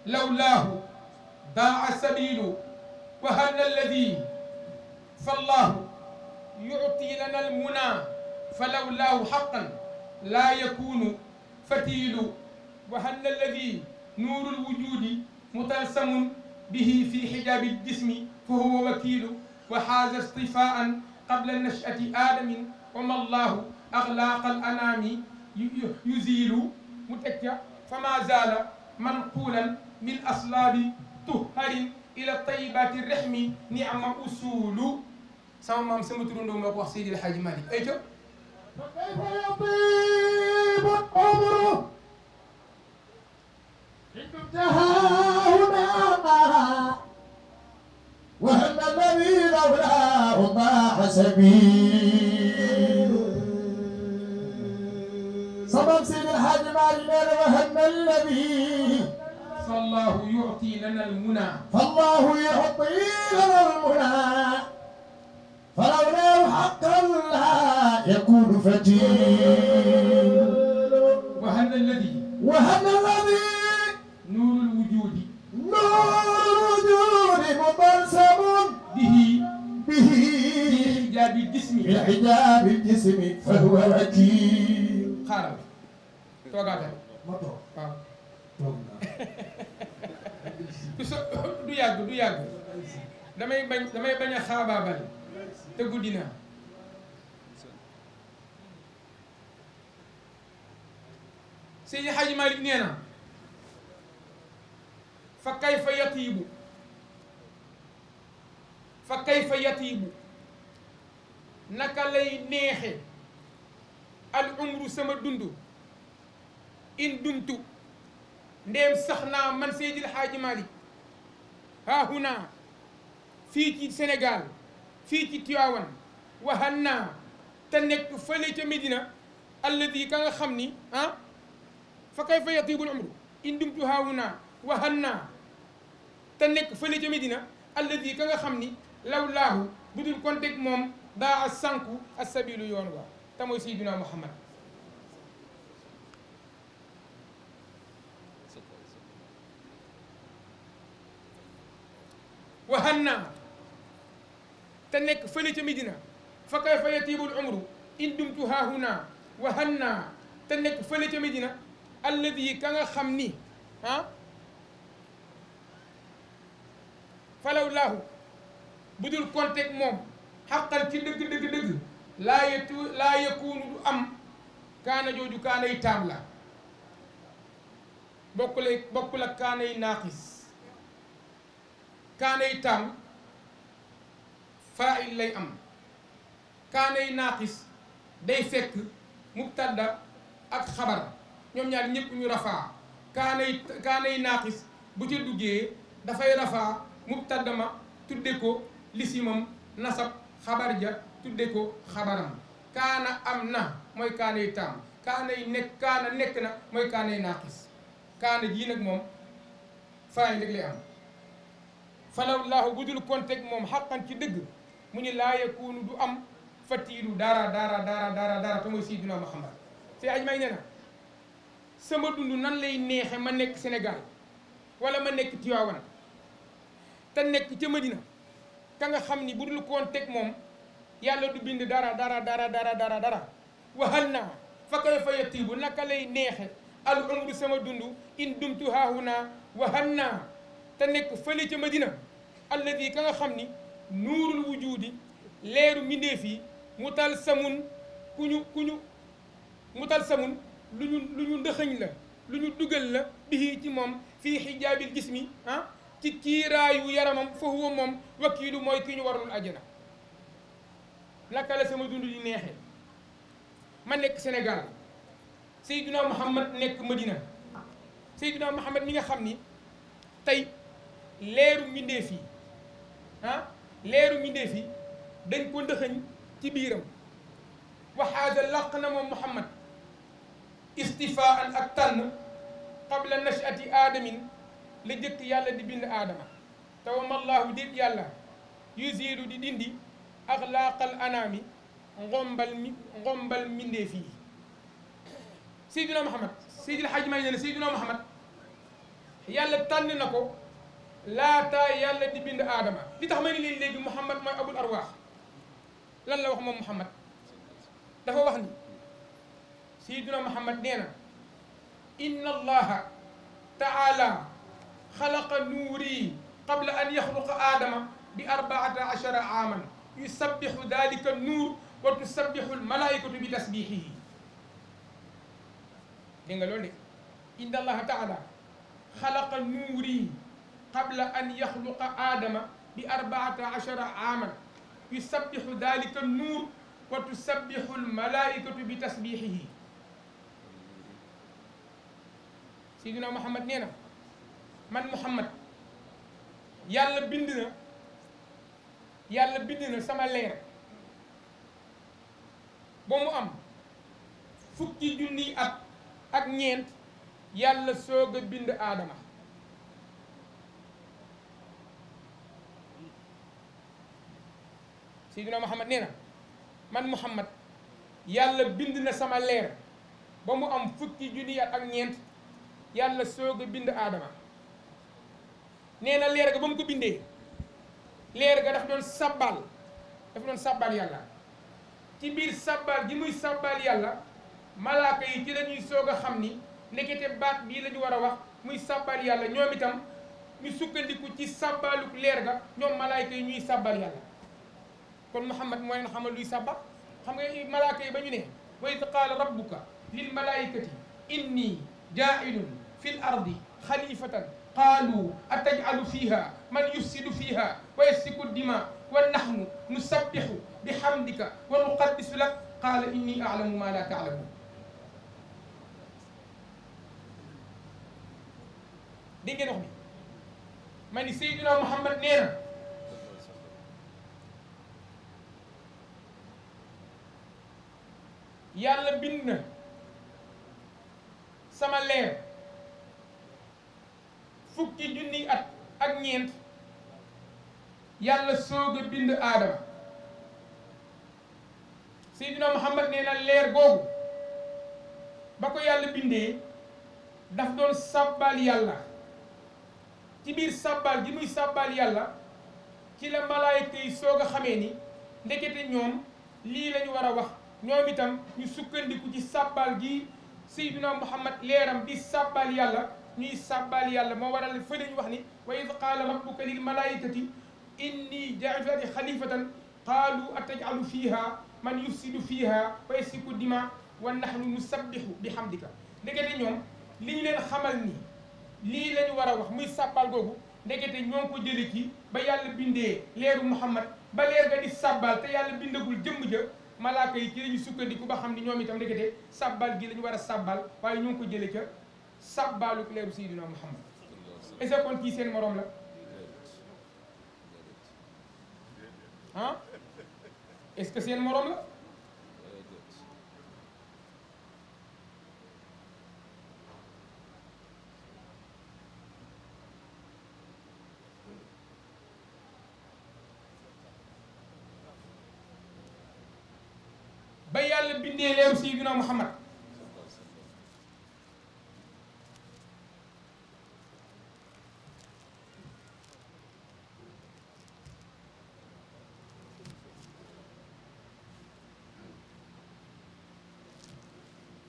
lawlaahu daa sabilu wa hanna alladi فالله يعطي لنا المنى فلولاه حقا لا يكون فتيل وهل الذي نور الوجود متلسم به في حجاب الجسم فهو وكيل وحاز اصطفاء قبل نشأة آدم وما الله أغلاق الأنام يزيل متكة فما زال منقولا من أصلاب طهر إلى الطيبات الرحم نعم أصول sama maam sama turandoo moo ko wax Seydil Hadji Malick ay ca وهب الذي لولاه ضاع سبيل سبب سيد الحاج مالنا وهب الذي فالله يعطي لنا المنى فالله يعطي لنا المنى فلولا حقا لا يكون فتيل وهل الذي وهل الذي نور الوجود نور الوجود مبلسم به به بحجاب الجسم بحجاب الجسم فهو وكيل خارج توقعت ما توقع du yàgg du yàgg damay bañ damay bañ a xaabaabal te guddi na Seydi Hadji Malick nee na fa kayfa yatiibu fa kayfa yatiibu naka lay neexe al umru sama dund in duntu ndéem sax naa man Seydil Hadji Malick haahuna fii ci senegaal fii ci Tiwaawan waxaan naa te nekk fële ca Medina alladi ka nga xam ni ah fa kay fa yatibul umru indumtu haawu naa waxaan naa te nekk fële ca Medina alladi ka nga xam ni law laahu bu dul kontek moom daa a sànku a sabilu yoon wa te mooy Seydina Muhammad waxaan naa te nekk fële ca Medina fa kay fa yatibul umru indumtu haahuna wa hanna te nekk fële ca Medina alladi ka nga xam ni ah falaw laahu bu dul konteeg moom xaqal ci dëgg dëgg dëgg laa yetu laa yekunu du am kaana jooju kaana yi taam la bokkul bokkul ak kaana yi naaqis kaana yi taam faa'il lay am kaanay naaqis day fekk mubtada ak xabar ñoom ñaar ñëpp ñu rafaa kaanay kaanay naaqis bu ca duggee dafay rafaa mubtada ma tudde ko lisimam nasab xabar ja tudde ko xabaram kaana am na mooy kaanay taam kaanay nekk kaana nekk na mooy kaanay naaqis kaana jii nag moom faa'il rek lay am falaw laahu budul kontek moom xaqan ci dëgg mu ni laa yakunu du am fatiilu dara dara dara dara dara te mooy Seydina Muhammad Seydi Hadji Malick nee na sama dund nan lay neexe ma nekk Sénégal wala ma nekk Tivaouane te nekk ca Madina ka nga xam ni bu dul koon teg moom yàlla du bind dara dara dara dara dara dara waxal naa fa kayfa yatiibu naka lay neexe al sama dund in dumtu haahuna waxal naa te nekk fële ca Madina alladi ka nga xam ni nuurul wujuudi leeru mbindéef yi mu tal samun ku ñu ku ñu mu tal samun lu ñu lu ñu ndëxëñ la lu ñu dugal la bihi ci moom fii xijaabil jismi mi ah, ci kiiraayu yaramam fa huwa moom wakiilu mooy ki ñu waralul ajjana naka la sama dund di neexee ma nekk Sénégal Seydina Muhammad nekk Madina Seydina Muhammad mi nga xam ni tey leeru mbindéef yi ah leeru mbindéef yi dañ ko ndëxëñ ci biiram waxaada làq na moom muhammad istifaan ak tànn qabla nachati aadamin la jëkk yàlla di bind aadama tawamallaahu déet yàlla yusiiru di dindi axlaaqal anaami ngombal mi ngombal mbindéef yi seyduna muhammad seydil xaj may muhammad yàlla tànn na ko laataa yàlla di bind aadama li tax ma ne leen léegi muhammad mooy abul arwaax lan la wax moom muhammad dafa wax ni sayyiduna muhammad nee na inna allaha taala xalaqa nuuri qabla an yaxluqa aadama bi arbaata achara aaman yusabbixu dalika nuur wa tusabbixu almalaikatu bi tasbixihi dégg nga loolu de inna allaha taala xalaqa nuuri qabla an yaxluqa aadama bi arbaata achara aaman yusabbihu dalika nuur wa tusabbihu almalaikatu bi tasbihihi seydina muhammad nee na man muhammad yàlla bind na yàlla bind na sama leer ba mu am fukki junniy at ak ñeent yàlla soog a bind aadama Seydina Muhammad nee na man Muhammad yàlla bind na sama leer ba mu am fukki junni ak ñeent yàlla soog a bind aadama nee na leer ga ba mu ko bindee leer ga dafa doon sabbal dafa doon sabbal yàlla ci biir sabbal gi muy sabbal yàlla malaaka yi ci la ñuy soog a xam ni ndekete baat bii lañu war a wax muy sabbal yàlla ñoom itam ñu sukkandiku ci sabbaluk leer ga ñoom malaayka yi ñuy sabbal yàlla kon Muhammad moo leen xamal luy sabba xam nga malaaka yi ba ñu ne wa id qaala rabbuka lil malaikati inni jaa'ilun fil ardi xalifatan qaalu atajalu fiha man yufsidu fiha wa yasfiku dima wa nahnu nusabbihu bihamdika wa nuqaddisu lak qaala inni alamu ma la taalamun dégg ngeen wax bi ma ni Seydina Muhammad nee na yàlla bind na sama leer fukki junniy at ak ñeent yàlla soog bind aadama Seydina Muhammad nee na leer googu ba ko yàlla bindee daf doon sàbbaal yàlla ci biir sàbbaal gi muy sàbbaal yàlla ci la malaayka yi soog a xamee ni ndekete ñoom lii lañu war a wax ñoom itam ñu sukkandiku ci sàbbal gi sayyidina muhammad leeram di sàbbal yàlla ñuy sàbbal yàlla moo waral fële ñu wax ni wa id qaala rabbuka lil malaikati inni jaa'ilun xalifatan qaalu atajalu fiha man yufsidu fiha wa yasfiku dima wa nahnu nusabbihu bi hamdika ndekete ñoom li ñu leen xamal ni lii lañu war a wax muy sàbbal googu ndekete ñoo ko jële ci ba yàlla bindee leeru muhammad ba leer ga di sàbbal te yàlla bindagul jëm ja malaaka yi ci lañu sukkandiku ba xam ni ñoom itam ndekete sabal gi la ñu war a sàbbal waaye ñu ngi ko jëlee ca sàbbalu leeru Seydina Muhammad est-ce que kon kii seen moroom la ah est-ce que seen moroom la la bindee leeru Muhammad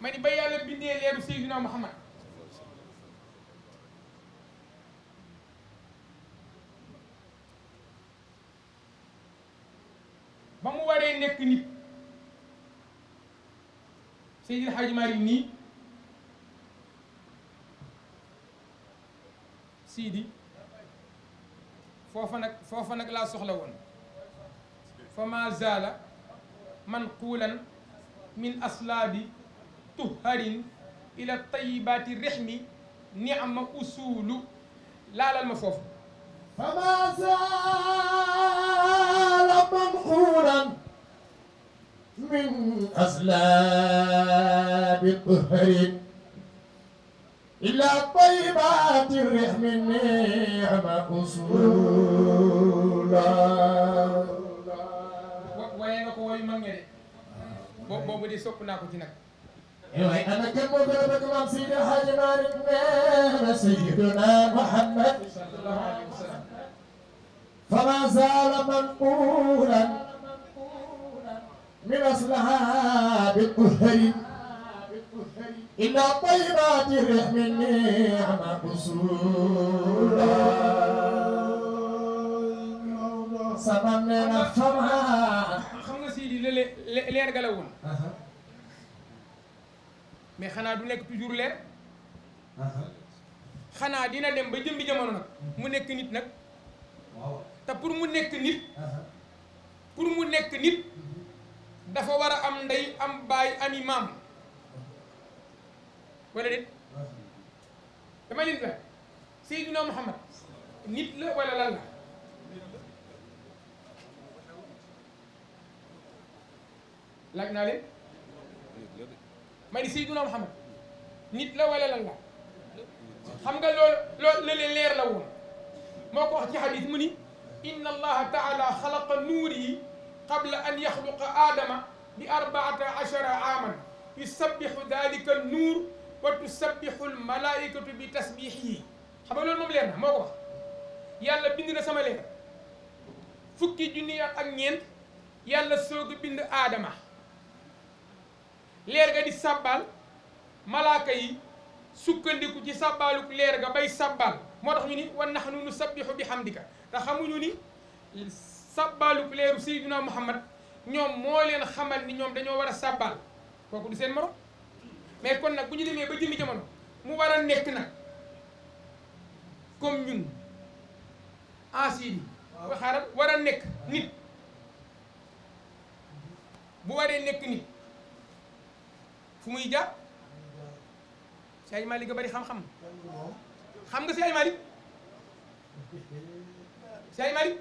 ma ni ba yàlla bindee leeru Seydina Muhammad ba mu waree nekk nit Seydil Hadji Malick nii Sidi foofa nag foofa nag laa soxla woon fa ma zaala manqulan min aslaabi tuharin ila tayibaati rihmi niama usulu laalal ma foofu fa ma zaala manqulan من أسلاب الطهر إلا طيبات الرحم النعم أصولا boobu di sopp naa ko ci nag eh waay ana kan moo gën a bëgg maam Seydi Hadji Malick nee na Seydina Muhammad fama zaala manqulan من أصلها بالقهر إلا طيبات الرحم النعم قصورا سممنا فمها خمنا سيدي لير غلاون mais xanaa du nekk toujours leer xanaa dina dem ba jëmbi jamono nag mu nekk nit nag te pour mu nekk nit pour mu nekk nit dafa war a am ndey am baay ami maam wala nit dama leen fex Seydina Muhammad la wala lan la laaj naa leen ma ni nit la wala lan la xam nga loolu loolu leer la woon moo ko wax ci xadis mu ni inna allaha taala xalaqa nuur yi qabla an yaxluqa aadama bi arbaata achara aaman yusabbixu dalika nuur wa tusabbixu almalaikatu bi tasbixihi xam nga loolu moom leer na moo ko wax yàlla bind na sama leer fukki junni at ak ñeent yàlla soog a bind aadama leer ga di sàbbaal malaaka yi sukkandiku ci sàbbaaluk leer ga bay sàbbaal moo tax ñu ni wa nahnu nusabbihu bi hamdika te xamuñu ni sàbbaalu leeru Seydina Muhammad ñoom moo leen xamal ni ñoom dañoo war a sàbbaal kooku du seen morom mais kon nag bu ñu demee ba jëmi jamono mu war a nekk nag comme ñun ansiidi war a nekk nit bu waree nekk nit fu muy jaar si ay Malik ga bari xam-xam xam nga si ay Malik si ay Malik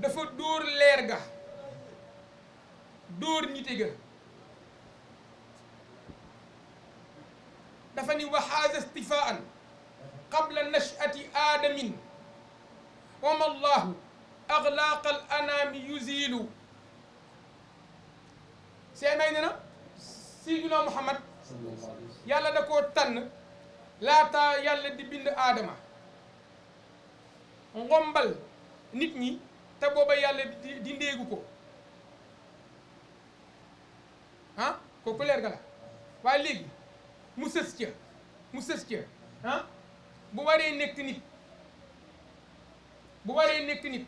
dafa dóor leer ga dóor nite ga dafa ni waxaasa istifaan qabla nachati aadamin wa ma llahu axlaaqa al anaami yuziilu seenay ne na Muhammad yàlla da koo tànn laataa yàlla di bind aadama ngombal nit ñi te booba yàlla di di ndéegu ko ah kooku leer ga waaye léegi mu sës ca mu sës ca ah bu waree nekk nit bu waree nekk nit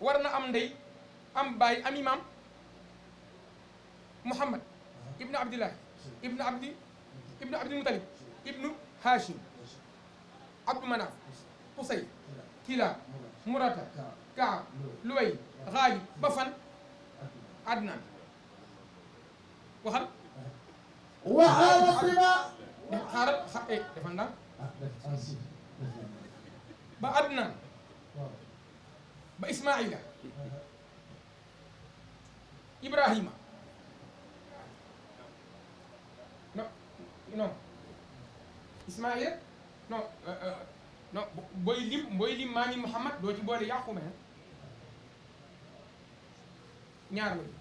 war na am ndey am baay am imaam Muhammad ibnu Abdillahi ibnu Abdi ibnu Abdil Mutalib Hashim Abdou Manaf Qusay Kila Murata Kaab Luway Xaalib ba fan Adnaan waxal. waxaala. xaaral xa eh dafa ndànk ba Adnaan ba Ismaayila Ibrahima non non Ismaayila non eh, eh, non booy lim booy lim maami Muhammad doo ci boole Yaquba eh. ñaar lañu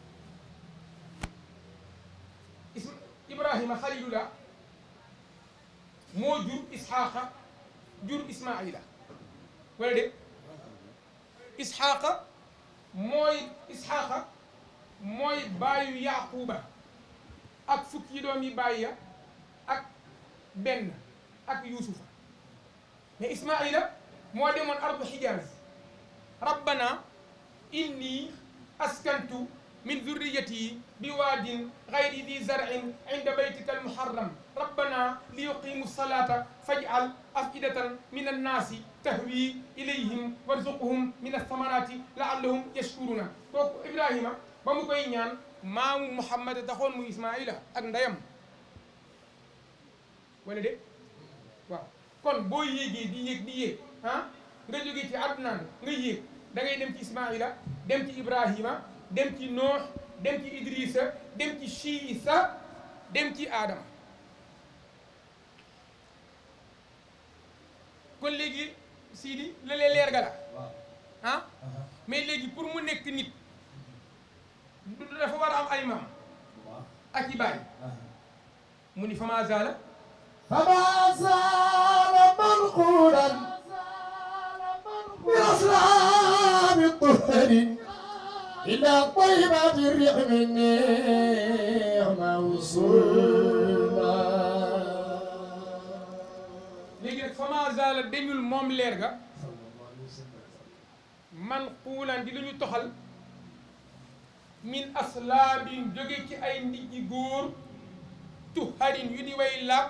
is ibrahima xalilullah moo jur isxaaqa jur ismaila wala de isxaaqa mooy isxaaqa mooy baayu yaquba ak fukki doom yi baay ya ak benn ak yuusufa mais ismaila moo demoon ardu xijaaz rabbana inni askantu min zurriyati bi waadin gayri di zar'in inda baytika almuharram rabbana li yuqimu salata faj'al afidatan min annaasi tahwi ilayhim warzuqhum min athamarati laallahum yashkuruna kooku ibrahima ba mu koy ñaan maamu muhammad taxoon mu ismaila ak ndeyam wala de waaw kon boo yéegee di yéeg di yéeg ah nga jógee ci adnaan nga yéeg da ngay dem ci Ismaïla dem ci Ibrahima dem ci Noox dem ci Idrissa dem ci Chiisa dem ci Adama kon léegi Sidi la lee leer ga ah mais léegi pour mu nekk nit dafa war a am ay maam ak mu ni fama zaala fama zaala manquuran bi asla بطهر إلى طيبة الريح مني موصولا léegi nag fama zala dañul moom leer ga man xuulaan di lu ñu toxal min aslaabin jóge ci ay ndiggi góor tuharin yu di way laab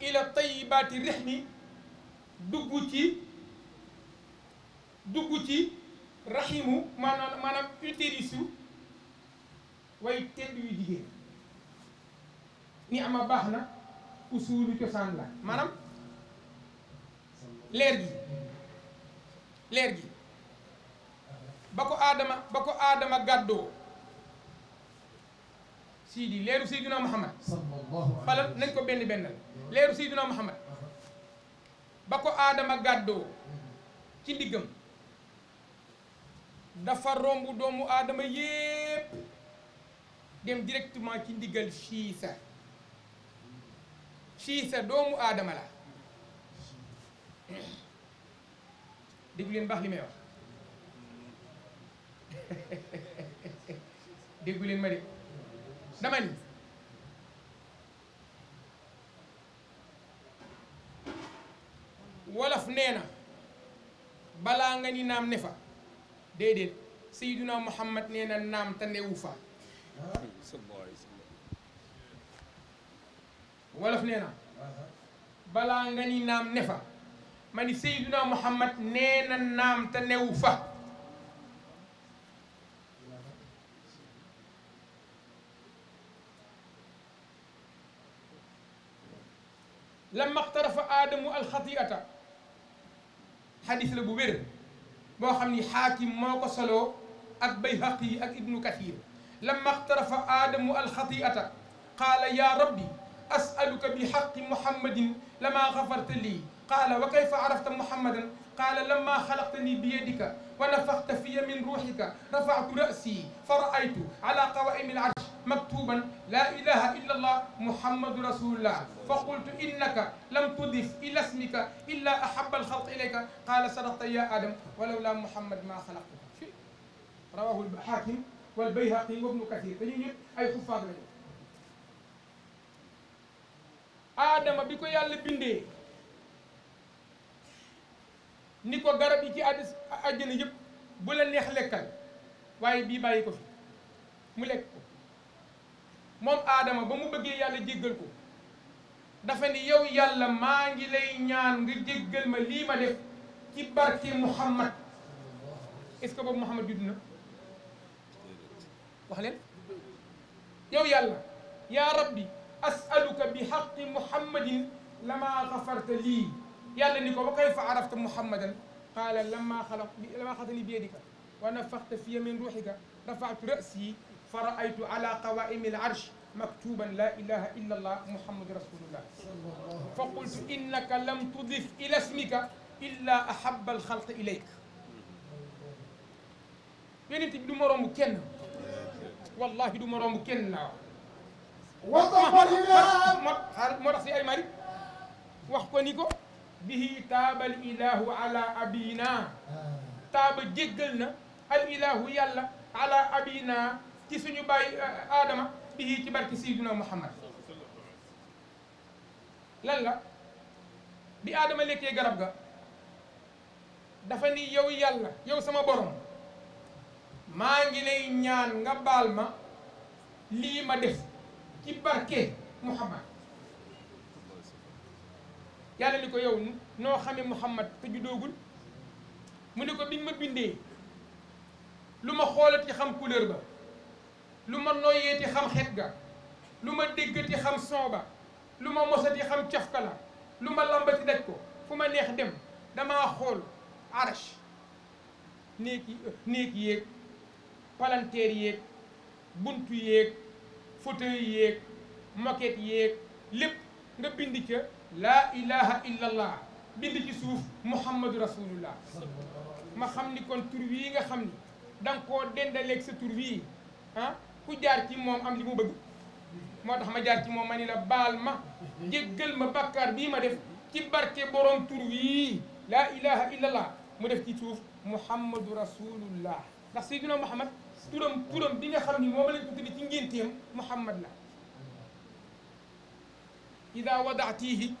ila tayibaati rex ni dugg ci dugg ci raximu maanaam maanaam utérus way tedd yu jigéen ni ama baax na usulu cosaan la maanaam leer gi leer gi ba ko aadama ba ko aadama gàddoo siidi leeru Seydina Muhammad xalal nañ ko benn benn leeru Seydina Muhammad ba ko aadama gàddoo ci ndiggam dafa romb doomu aadama yépp dem directement ci ndigal siisa siisa doomu aadama la déglu leen baax li may wax déggu ma de dama ni wolof nee na balaa nga ni naam ne fa déedéet Seydina Muhammad nee na naam te fa wolof nee na balaa nga ni naam ne fa ma ni Muhammad nee na naam te fa lamma ixtarafa aadamu alxatiata xadis la bu wér boo xam ni xaakim moo ko soloo ak bayhaqi yi ak ibnu kathir lamma ixtarafa aadamu alxatiata qaala ya rabbi asaluka bi xaqi muhammadin lama xafarta lii qaala wa kayfa arafta muhammadan qaala lamma xalaqtani bi yadika wa nafaxta fiya min ruuxika rafactu rasi fa raaytu ala qawaimi al arsh مكتوبا لا إله إلا الله محمد رسول الله فقلت إنك لم تضف إلى اسمك إلا أحب الخلق إليك قال صدقت يا آدم ولولا محمد ما خلقت رواه الحاكم والبيهقي وابن كثير dañuy ay xuffaat lañu Aadama bi ko yàlla bindee ni ko garab yi ci àddis àjjana yëpp bu la neex lekkal waaye bii bàyyi ko fi mu lekk ko moom aadama ba mu bëggee yàlla jéggal ko dafa ni yow yàlla maa ngi lay ñaan nga jéggal ma lii ma def ci barke Muhammad est-ce que boobu Muhammad judd na wax leen yow yàlla yaa rabbi asaluka bi xaqi muhammadin lama xafarta lii yàlla ni ko wa kayfa arafta muhammadan qaala lama xalaq lama xalaqtani bi yadika wa nafaxta fiya min ruuxika rafaatu rasi fa raaytu ala qawaimi l arsh maktuban la ilaha illa allah muhammadu rasulullah fa qultu innaka lam tudif ila ismika illa ahaba alxalq ilayk yonent bi du moroomu kenn wallahi du moroomu kenn naa moo tax si ay mari wax ko ni ko bihi taabal ilahu ala abina ah. taaba jéggal na al ilahu yàlla ala abina ci suñu bàyyi aadama euh, euh, bii ci barke Seydina Muhammad lan la bi aadama lekkee garab ga dafa ni yow yàlla yow sama borom maa ngi lay ñaan nga baal ma lii ma def ci barke Muhammad yàlla ni ko yow noo xamee Muhammad te juddoogul mu ne ko biñ ma bindee lu ma xoolati xam couleur ba lu ma noyyeeti xam xet ga lu ma déggati xam son ba lu ma mosati xam cafka la lu ma lambati daj ko fu ma neex dem dama xool arache néeg yi néeg yéeg palanteer yéeg buntu yéeg fauteuil yéeg moquette yéeg lépp nga bind ca laa ilaha illallah bind ci suuf muhammadu rasulullah ma xam ni kon tur wii nga xam ni da koo dendaleeg sa tur wii ah, ku jaar ci moom am li mu bëgg moo tax ma jaar ci moom ma ni la baal ma jéggal ma bàkkaar bii ma def ci barke borom tur wi laa ilaha illallah mu def ci suuf muhammadu rasulullah ndax seydina muhammad turam turam bi nga xam ni moom lañ ko tuddi ci ngénteem muhammad la ida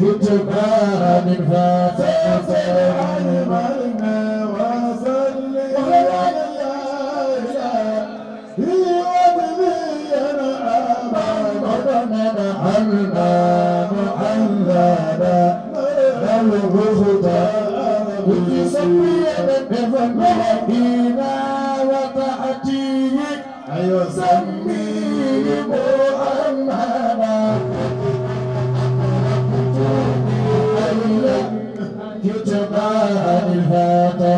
كتبها من فاتحة عن مرمى وصلي على هي ونبينا أمام ربنا حملا محللا الغفران وتسمينا بفضله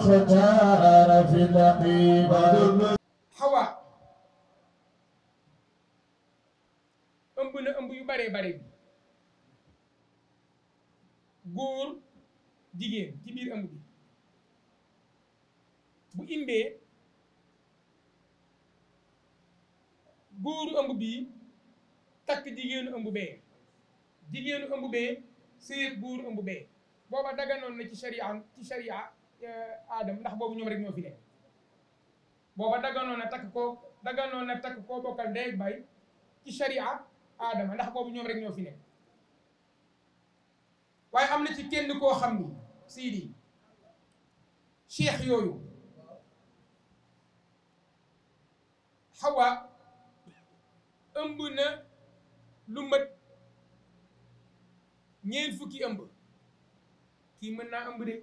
الختان في النقيبة حواء ëmb na ëmb yu bare bare bi góor jigéen ci biir ëmb bi bu imbee góoru ëmb bii takk jigéenu ëmb bee jigéenu ëmb bee séet góoru ëmb bee booba daganoon na ci sharia ci sharia aadam eh, ndax boobu ñoom rek ñoo fi nekk booba dagganoon na takk koo dagganoon na takk koo bokkal day bay ci sharia aadama ndax boobu ñoom rek ñoo fi nekk waaye am na ci kenn koo xam ni siidi cheikh yooyu xawa ëmb na lu mat ñeent fukki ëmb kii mën naa ëmb de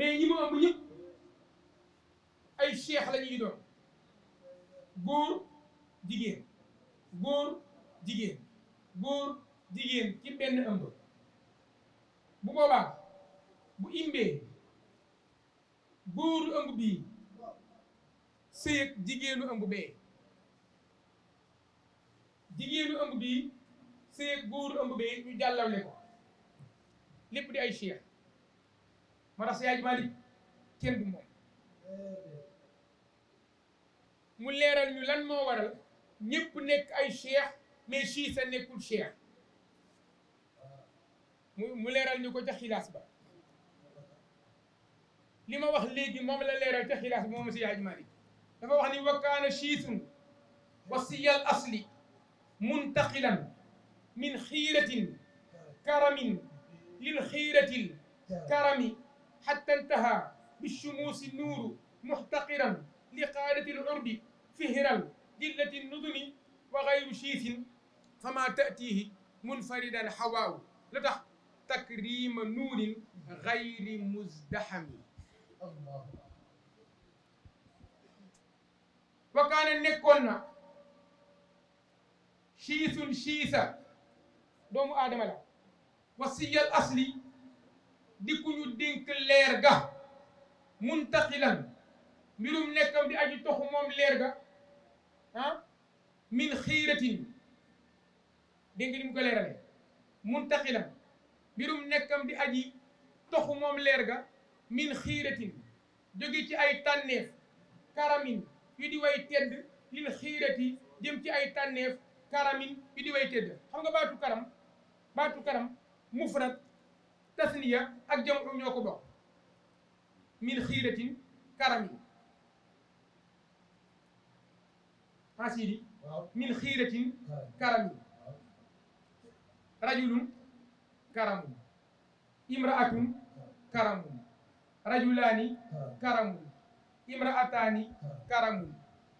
mais ñi ma ëmb ay cheikh la ñuy doon góor jigéen góor jigéen góor jigéen ci benn ëmb bu boobaa bu imbee góoru ëmb bii sëyëg jigéenu ëmb bee jigéenu ëmb bii sëyëg góoru ëmb bee ñu jàllale ko lépp di ay cheikh moo tax si yaay Malick kenn du moom mu leeral ñu lan moo waral ñëpp nekk ay cheikh mais sii sa nekkul cheikh mu mu leeral ñu ko ca xilaas ba li ma wax léegi moom la leeral ca xilaas ba moom si yaay Malick dafa wax ni wakkaana siisun wasiyal asli muntaqilan min xiiratin karamin lil xiiratil karami حتى انتهى بالشموس النور محتقرا لقادة العرب فهرا جلة النظم وغير شيث فما تأتيه منفردا حواو لتح تكريم نور غير مزدحم الله وكان نكون شيث شيثا دوم آدم لا وصي الأصلي di ku ñu dénk leer ga muntaxilan mbirum nekkam di aji toxu moom leer ga ah min xiiratin dégg nga ni mu ko leerale muntaxilan mbirum nekkam di aji toxu moom leer ga min xiiratin jóge ci ay tànneef karamin yu di way tedd lil xiirati jëm ci ay tànneef karamin yu di way tedd xam nga baatu karam baatu karam mufrad tasniya ak jamu um ñoo ko bokk min xiiratin karami asidi min xiiratin karami rajulun karamun imraatun karamun rajulaani karamun imraataani karamun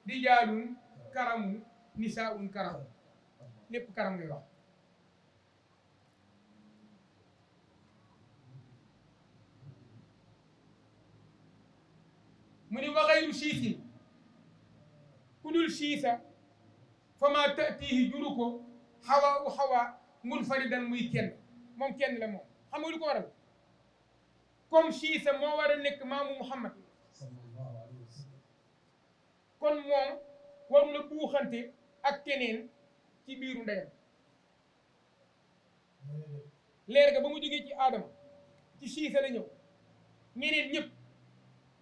rijaalun karamun nisaaun karamun lépp karam ngay wax mu ni wa xayru ku dul siisa fa maa tatihi juru ko xawa u xawa mun muy ken moom kenn la moom xam nga ko waral comme siisa moo war a nekk maamu Muhammad kon moom waru la buuxante ak keneen ci biiru ndeyam leer ga ba mu jógee ci aadama ci siisa la ñëw ñeneen ñëpp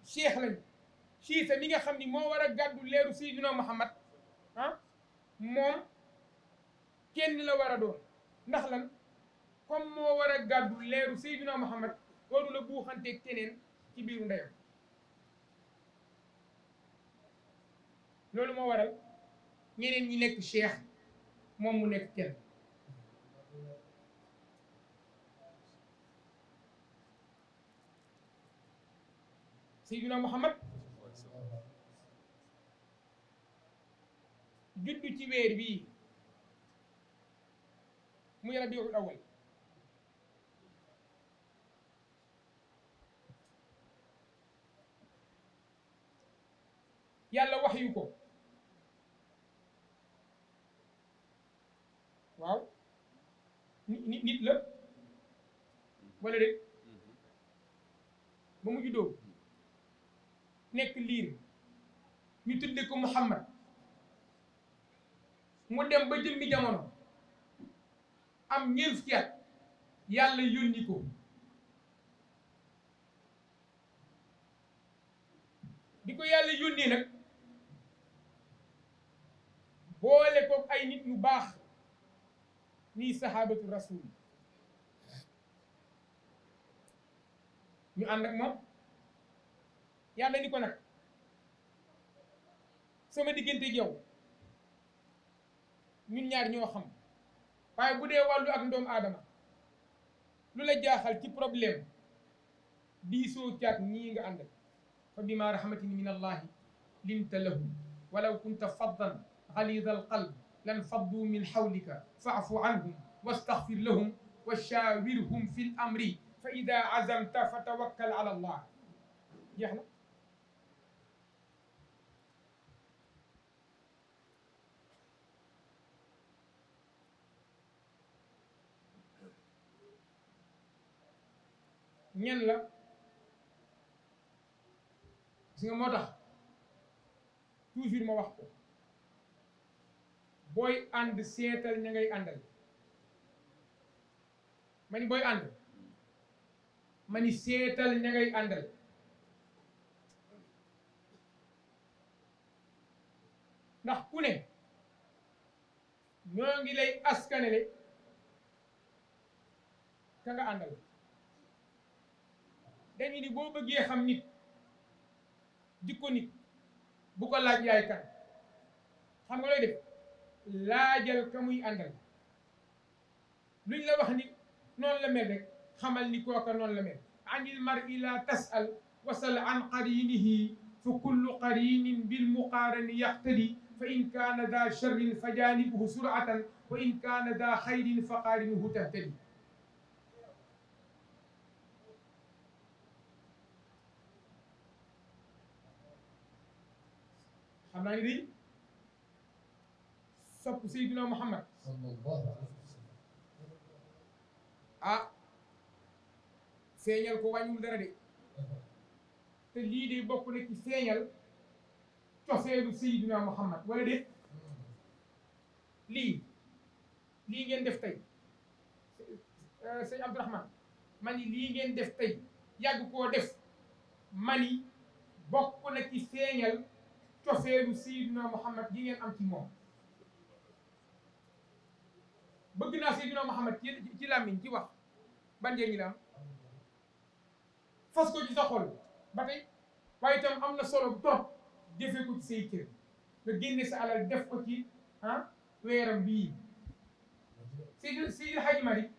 seex lañu siise mi nga xam ni moo war a gàddu leeru Seydina Muhammad moom kenn la war a doon ndax lan comme moo war a gàddu leeru Seydina Muhammad waru la buuxanteeg keneen ci biiru ndeyam loolu moo waral ñeneen ñi nekk cheikh moom mu nekk kenn Seydina Muhammad juddu ci weer bii muy rabiul awal yàlla wax yu ko waaw nit nit la wala de ba mu juddoo nekk liir ñu tudde ko Muhammad mu dem ba jëmmi jamono am ñeent fukki yàlla yónni ko di ko yàlla yónni nag boole ko ay nit ñu baax nii sahabatu rasul ñu ànd ak moom yàlla ni ko nag sama diggante yow ñun ñaar ñoo xam waaye bu dee wàllu ak ndoom aadama lu la jaaxal ci problème diisoo caat ñii nga àndal fa bima rahmatin min allahi linta lahum walaw kunta faddan galida alqalb lan faddu min hawlika faafu anhum wastaxfir lahum wa shaawirhum fi l amri fa ida azamta fa tawakkal ala allah jeex na ñen la gis nga moo tax toujours ma wax ko booy ànd seetal ña ngay àndal ma ni booy ànd ma ni seetal ña ngay àndal ndax ku ne ñoo ngi lay askanele ka nga àndal dañu ni boo bëggee xam nit jikko nit bu ko laaj yaay kan xam nga looy def laajal ka muy àndal luñ la wax ni noonu la mel rek xamal ni kooka noonu la mel anil mar'i la tas'al wasal an qarinihi fa kullu qarinin bil muqaarani yaqtadi fa in kaana daa charrin fa jaanibuhu suratan wa in kaana daa xayrin fa qaarinuhu tahtadi xam naa ni day sopp Seydina Muhammad ah ko wàññul dara de te lii de bokk na ci seeñal coseelu Seydina Muhammad wala de lii lii ngeen def tey euh, sëñ Abdourahman ma lii ngeen def tey yàgg koo def ma bokk na ci seeñal cofeelu Seydina Muhammad gi ngeen am ci moom bëgg naa Seydina Muhammad ci ci làmmiñ ci wax ban njëriñ la fas ko ci sa ba tey waaye itam am na solo trop jëfee ko ci say cër nga génne alal def ko ci ah weeram bii Seydi Seydi Hadji Malick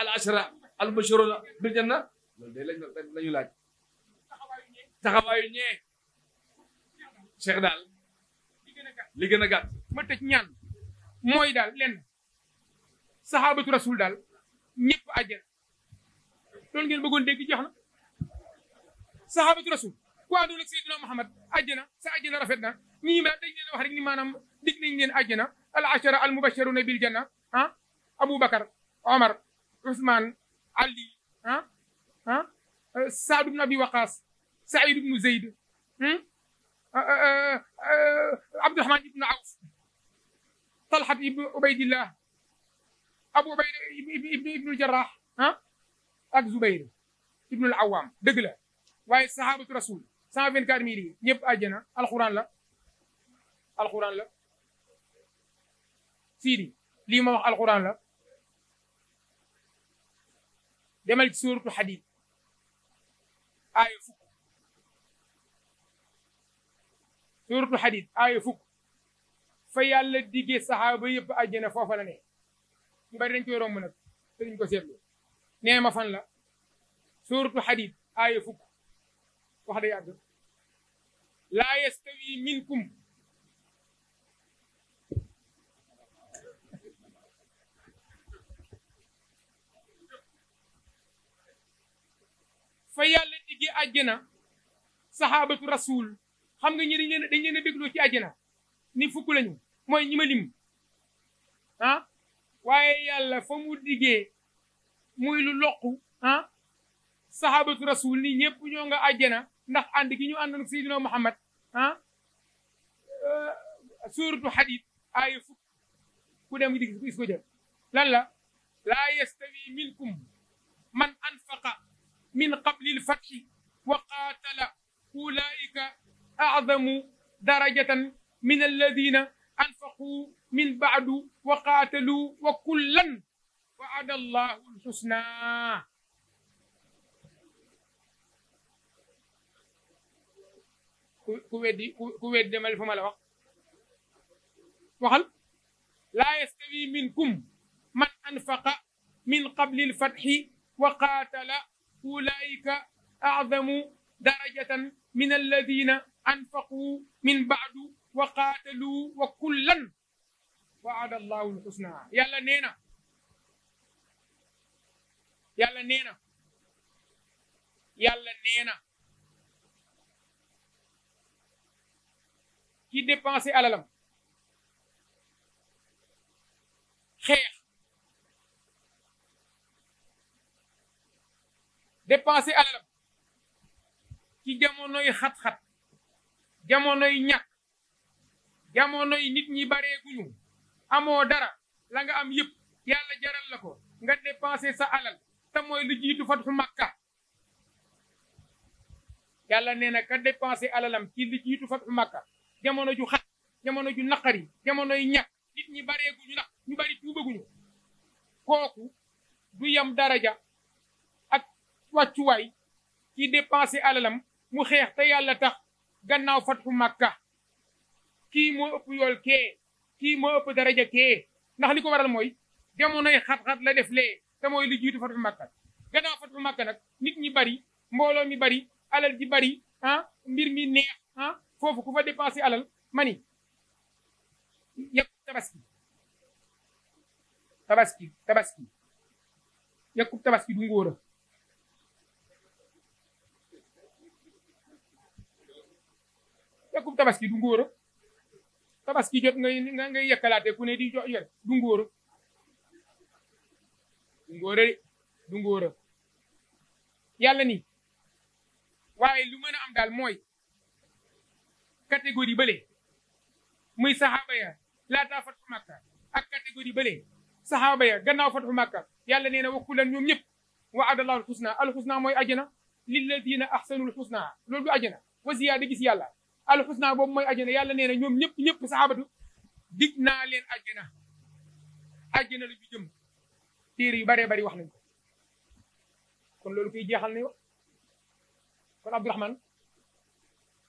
al ashara al basharuna bil janna loolu day la ñu laaj taxawaayu ñee cheikh daal li gën a gàtt ma tëj ñaan mooy daal lenn saxaabatu rasul daal ñëpp àjjana loolu ngeen bëggoon dégg jox na saxaabatu rasul ku àndoon ak Seydina Muhammad àjjana sa rafet na ñii daal dañ leen wax rek ni maanaam dig nañ leen àjjana al ashara al mubasharuna bil janna ah Aboubacar Ousmane Ali ah ah Saad ibn Abi Waqas Saïd ibn Zeyd euh, euh, Abdourahman ibn Awf Talha ibn Ubaydillah Abu Ubayda ibn Jarrah ah ak Zubayr ibn al Awam dëgg la waaye sahabatu rasul cent vingt quatre mille yi ñëpp àjjana alxuraan la alxuraan la siidi lii ma wax alxuraan la demal ci sóoratu xadiid aaya fukk sóoratu xadiid aaya fukk fa yàlla diggee saxaaba yëpp àjjana foofa la ne ñu bari dañ koy romb nag te duñ ko seetlu nee fan la sóoratu xadiid aaya fukk wax day yastawi minkum fa yàlla diggee àjjana saxaabatu rasul xam nga ñi dañ leen dañ leen a bégloo ci àjjana ni fukk lañu mooy ñi ma lim ah waaye yàlla fa mu diggee muy lu loqu ah saxaabatu rasul ni ñëpp ñoo nga àjjana ndax ànd gi ñu àndoon Seydina Muhammad ah euh, suuratu xadiid aaya fukk ku dem digg is ko jël lan la laa yastawi minkum man anfaqa min qabli lfatxi wa qaatala ulaika acdamu darajatan min alladina anfaqu min bacdu wa qaatalu wa kullan waada allahu lxusna ku weddi ku weddi demal fa ma la wax waxal laa yastawi minkum man anfaqa min qabli lfatxi wa qaatala أولئك أعظم درجة من الذين أنفقوا من بعد وقاتلوا وكلا وعد الله الحسنى يلا نينا يلا نينا يلا نينا كي ديبانسي alalam xeex dépensé alalam ci jamonoy xat-xat jamonoy ñàkk jamonoy nit ñi bareeguñu amoo dara la nga am yëpp yàlla jaral la ko nga dépensé sa alal te mooy lu jiitu fatxu Makka yàlla nee na ka dépensé alalam ci lu jiitu fatxu Makka jamono ju xat jamono ju naqari jamonoy ñàkk nit ñi bareeguñu ndax ñu bari tuubaguñu kooku du yam daraja wàccuwaay ki dépensé alalam mu xeex te yàlla tax gannaaw fatxu màkka kii moo ëpp yool kee kii moo ëpp daraja kee ndax li ko waral mooy jamonoy xat-xat la def lee te mooy lu jiitu fatxu màkka gannaaw fatxu màkka nag nit ñi bari mbooloo mi bari alal ji bari ah, mbir mi neex ah foofu ku fa dépensé alal mani yàqu tabaski tabaski tabaski yàqu tabaski du ngóora takkum tabaski du ngóora tabaski jot ngay ngay yekkalaate ku ne di jox yor du ngóora du yàlla ni waaye lu mën a am daal mooy catégorie bële muy saxaaba ya laataa fatxu màkka ak catégorie bële saxaaba ya gannaaw fatxu màkka yàlla nee na waxku leen ñoom ñëpp wa adallahu alxusna alxusna mooy ajana lilladina axsanul xusna loolu du ajana wa ziyaada gis yàlla naa boobu mooy ajjana yàlla nee na ñoom ñëpp ñëpp saxaabatu dig naa leen ajjana ajjana la ju jëm téere yu baree bari wax nañ ko kon loolu koy jeexal ne kon Abdourahmane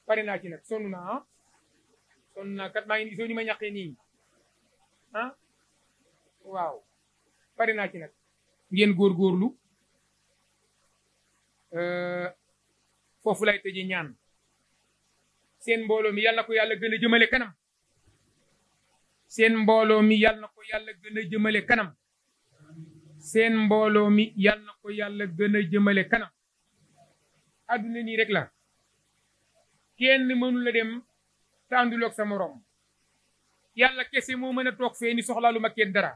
pare naa ci nag sonn ah. kat maa ngi nii ma ñaqee nii ah. waaw pare naa ci nag ngeen góorgóorlu foofu lay ñaan seen mbooloo mi yal na ko yàlla gën a jëmale kanam seen mbooloo mi yal na ko yàlla gën a jëmale kanam seen mbooloo mi yal na ko yàlla gën a jëmale kanam àdduna nii rek la kenn mënu la dem te àndul sa moroom yàlla kese moo mën a toog fee ni soxlaalu ma kenn dara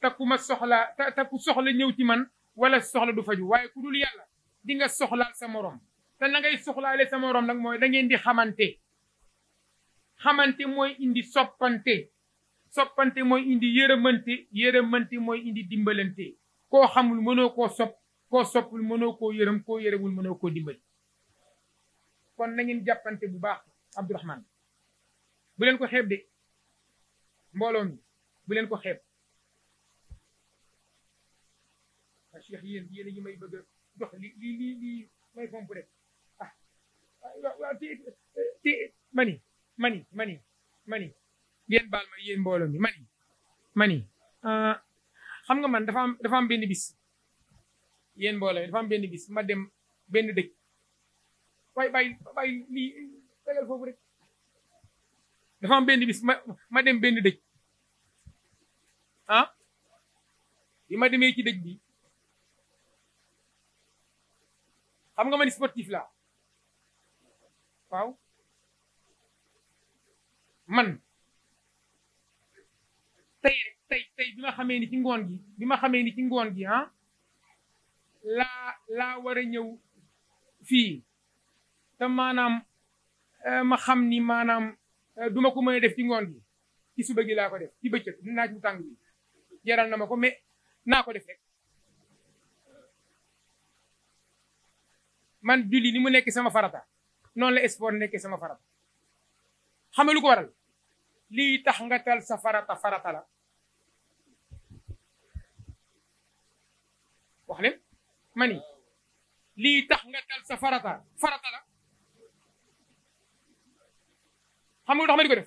te ku ma soxlaa ku soxla ñëw ci man wala soxla du faju waye ku dul yàlla di nga soxlaal sa moroom te na ngay soxlaale sa morom nag mooy da di xamante xamante mooy indi soppante soppante mooy indi yërëmante yërëmante mooy indi dimbalante koo xamul mënoo koo sopp koo soppul mënoo ko yërëm koo yërëmul mënoo koo dimbali kon na ngeen jàppante bu baax Abdourahmane bu ko xeeb de mbooloo mi ko xeeb a cheikh yéen yéen may bëgg a li li li may pomp waaw te mani mani mani mani ngeen baal ma yéen mbooloo mi mani mani ah, xam nga man dafa am dafa am benn bis yéen mbooloo mi dafa am benn bis ma dem benn dëkk waaye bàyyi bàyyi lii tegal foofu rek dafa am benn bis ma dem benn dëkk ah bi ma demee ci dëkk bi xam nga man sportif laa waaw man tey rek tey tey bi ma xamee ni ci ngoon gi bi ma xamee ni ci ngoon gi ah laa laa war a ñëw fii te maanaam eh, ma xam ni maanaam eh, duma ko mën a def ci ngoon gi ci suba gi laa ko def ci bëccëg naaj mu tàng bi jaral na ma ko mais naa ko def rek man julli ni mu nekk sama farata noonu la sport nekkee sama farata xam nga lu waral lii tax nga tal sa farata farata la wax leen ma lii tax nga tal sa farata faratala la xam nga lu tax xam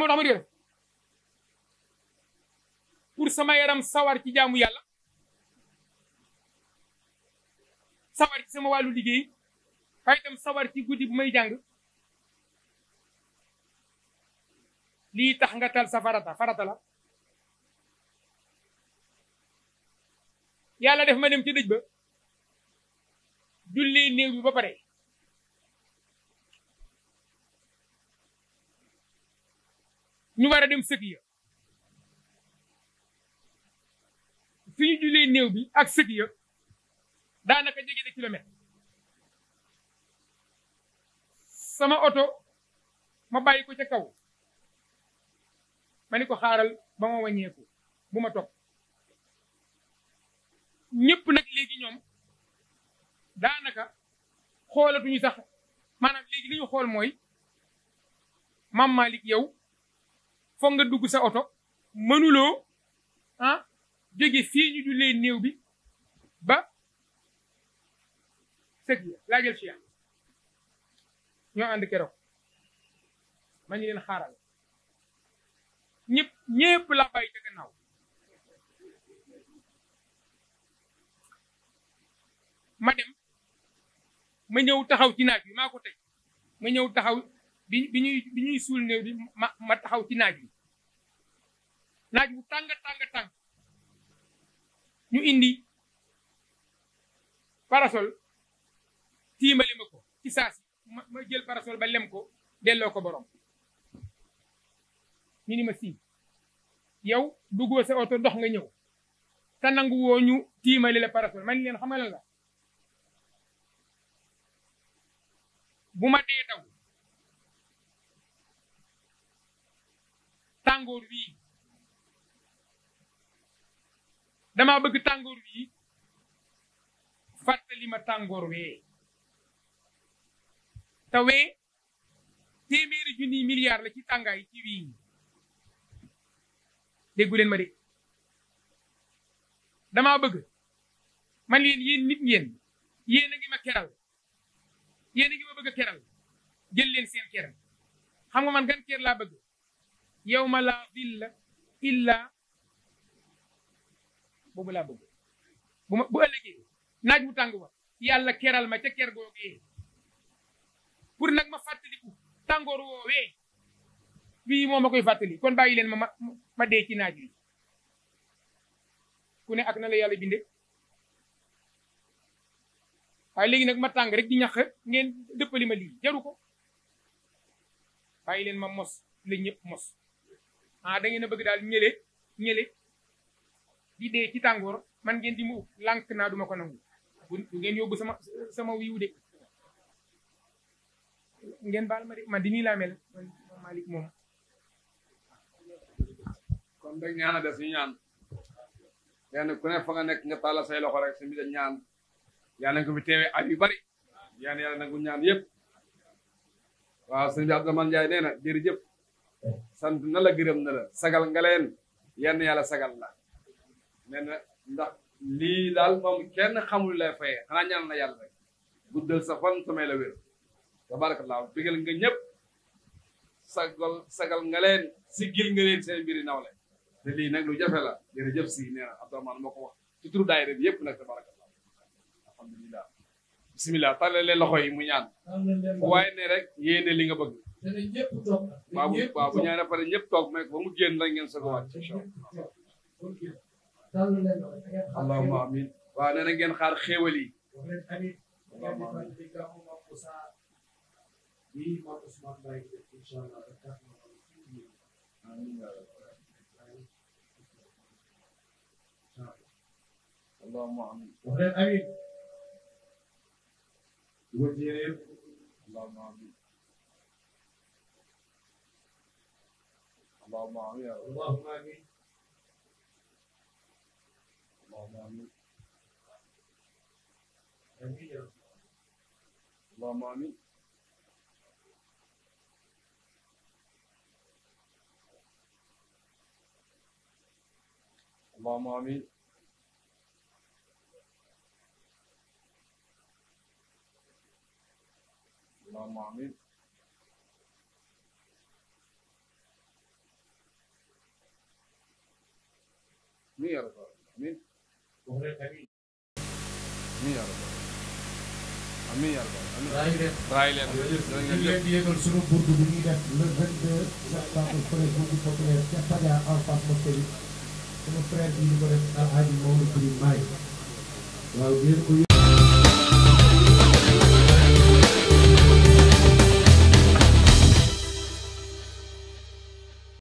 nga lu ma di pour sama yaram sawar ci jaamu yàlla sawar ci sama wàllu liggéey fay dem sawar ci guddi bu may jàng li tax nga tal sa farata farata la yàlla def ma dem ci dëj ba julli néew bi ba pare ñu war a dem sëkk ya fi ñu jullee néew bi ak sëkk ya daanaka jege de kilomètre sama oto ma bàyyi ko ca kaw ma ni ko xaaral ba ma wàññeeku bu ma topp ñëpp nag léegi ñoom daanaka xoolatuñu sax maanaam léegi li ñu xool mooy mam Malick yow foog nga dugg sa oto mënuloo ah jóge fii ñu jullee néew bi ba sëg laajal ci ñoo ànd keroog ma ñu leen xaaral ñëpp ñëpp laa bàyyi ca gannaaw ma ñëw taxaw ci naaj bi ma ñëw taxaw bi bi ñuy bi ma ma taxaw ci naaj bi naaj bu tàng tàng ñu indi parasol tiimali ma ko ci saasi ma jël parasol ba lem ko delloo ko borom ñu ni ma sii yow duggoo sa oto dox nga ñëw te nangu woo ñu tiimali parasol man leen xamal la bu ma dee daw wii dama bëgg tàngoor wii fàttali ma tàngoor wee te wee téeméeri junniy milliards la ci tàngaay ci wii déggu leen ma de damaa bëgg man leen yéen nit ngeen yéen a ngi ma keral yéen a ngi ma bëgg a keral jël leen seen keral xam nga man gan ker laa bëgg yow ma laa dilla illa boobu laa bëgg bu ma bu naaj bu tàng wa yàlla keral ma ca ker googee pour nag ma fàttaliku tàngoor woowee bii moom ma koy fàttali kon bàyyi leen ma ma ma dee ci naaj wi ku ne ak na la yàlla binde waaye léegi nag ma rek di ñax ngeen dëppali ma jaru ko bàyyi leen ma mos la mos ah dangeen a bëgg daal ñële ñële di dee ci tàngoor man ngeen di mu lànk naa du ko nangu bu ngeen yóbbu sama sama wiwu de ngeen baal ma de man di nii laa mel man Malick moom. kon nag ñaan a des ñu ñaan kenn ku ne fa nga nekk nga tàllal say rek si mbir ñaan yaa nañ ko fi at yu bari yaa ne ñaan yëpp waaw sëñ bi Abdourahmane Ndiaye nee na jërëjëf sant na gërëm na la sagal nga leen yenn yàlla sagal la nee na ndax lii daal moom kenn xamul lay fayee xanaa ñaan na yàlla rek guddal sa fan samay la wér tabaarakallaahu bégal nga ñëpp sagal sagal nga leen siggil seen mbiri nawle te lii nag lu jafe la jërëjëf si nee na Abdourahmane moo ko wax ci loxo yi mu ñaan waaye ne rek yéene li nga bëgg waaw waaw bu ñaanee pare ñëpp toog may ba mu génn rek ngeen soog a wàcc incha allah allahumma amin waaw ngeen xaar xéewal lii Pape Ousmane Mbaye def incha allah le 4 novembre fii اللهم امين وغير امين وزير اللهم امين اللهم امين اللهم امين اللهم امين امين اللهم امين اللهم امين اللهم امين مين يا رب امين مين يا رب amiin yaa rabbal amiin raay leen yéegal sunu burdu bu ñuy def le 22 septembre fële bu ñu ko en face mosquée bi sama frère bi ñu ko def alaaji Maodo Birame Mbaye waaw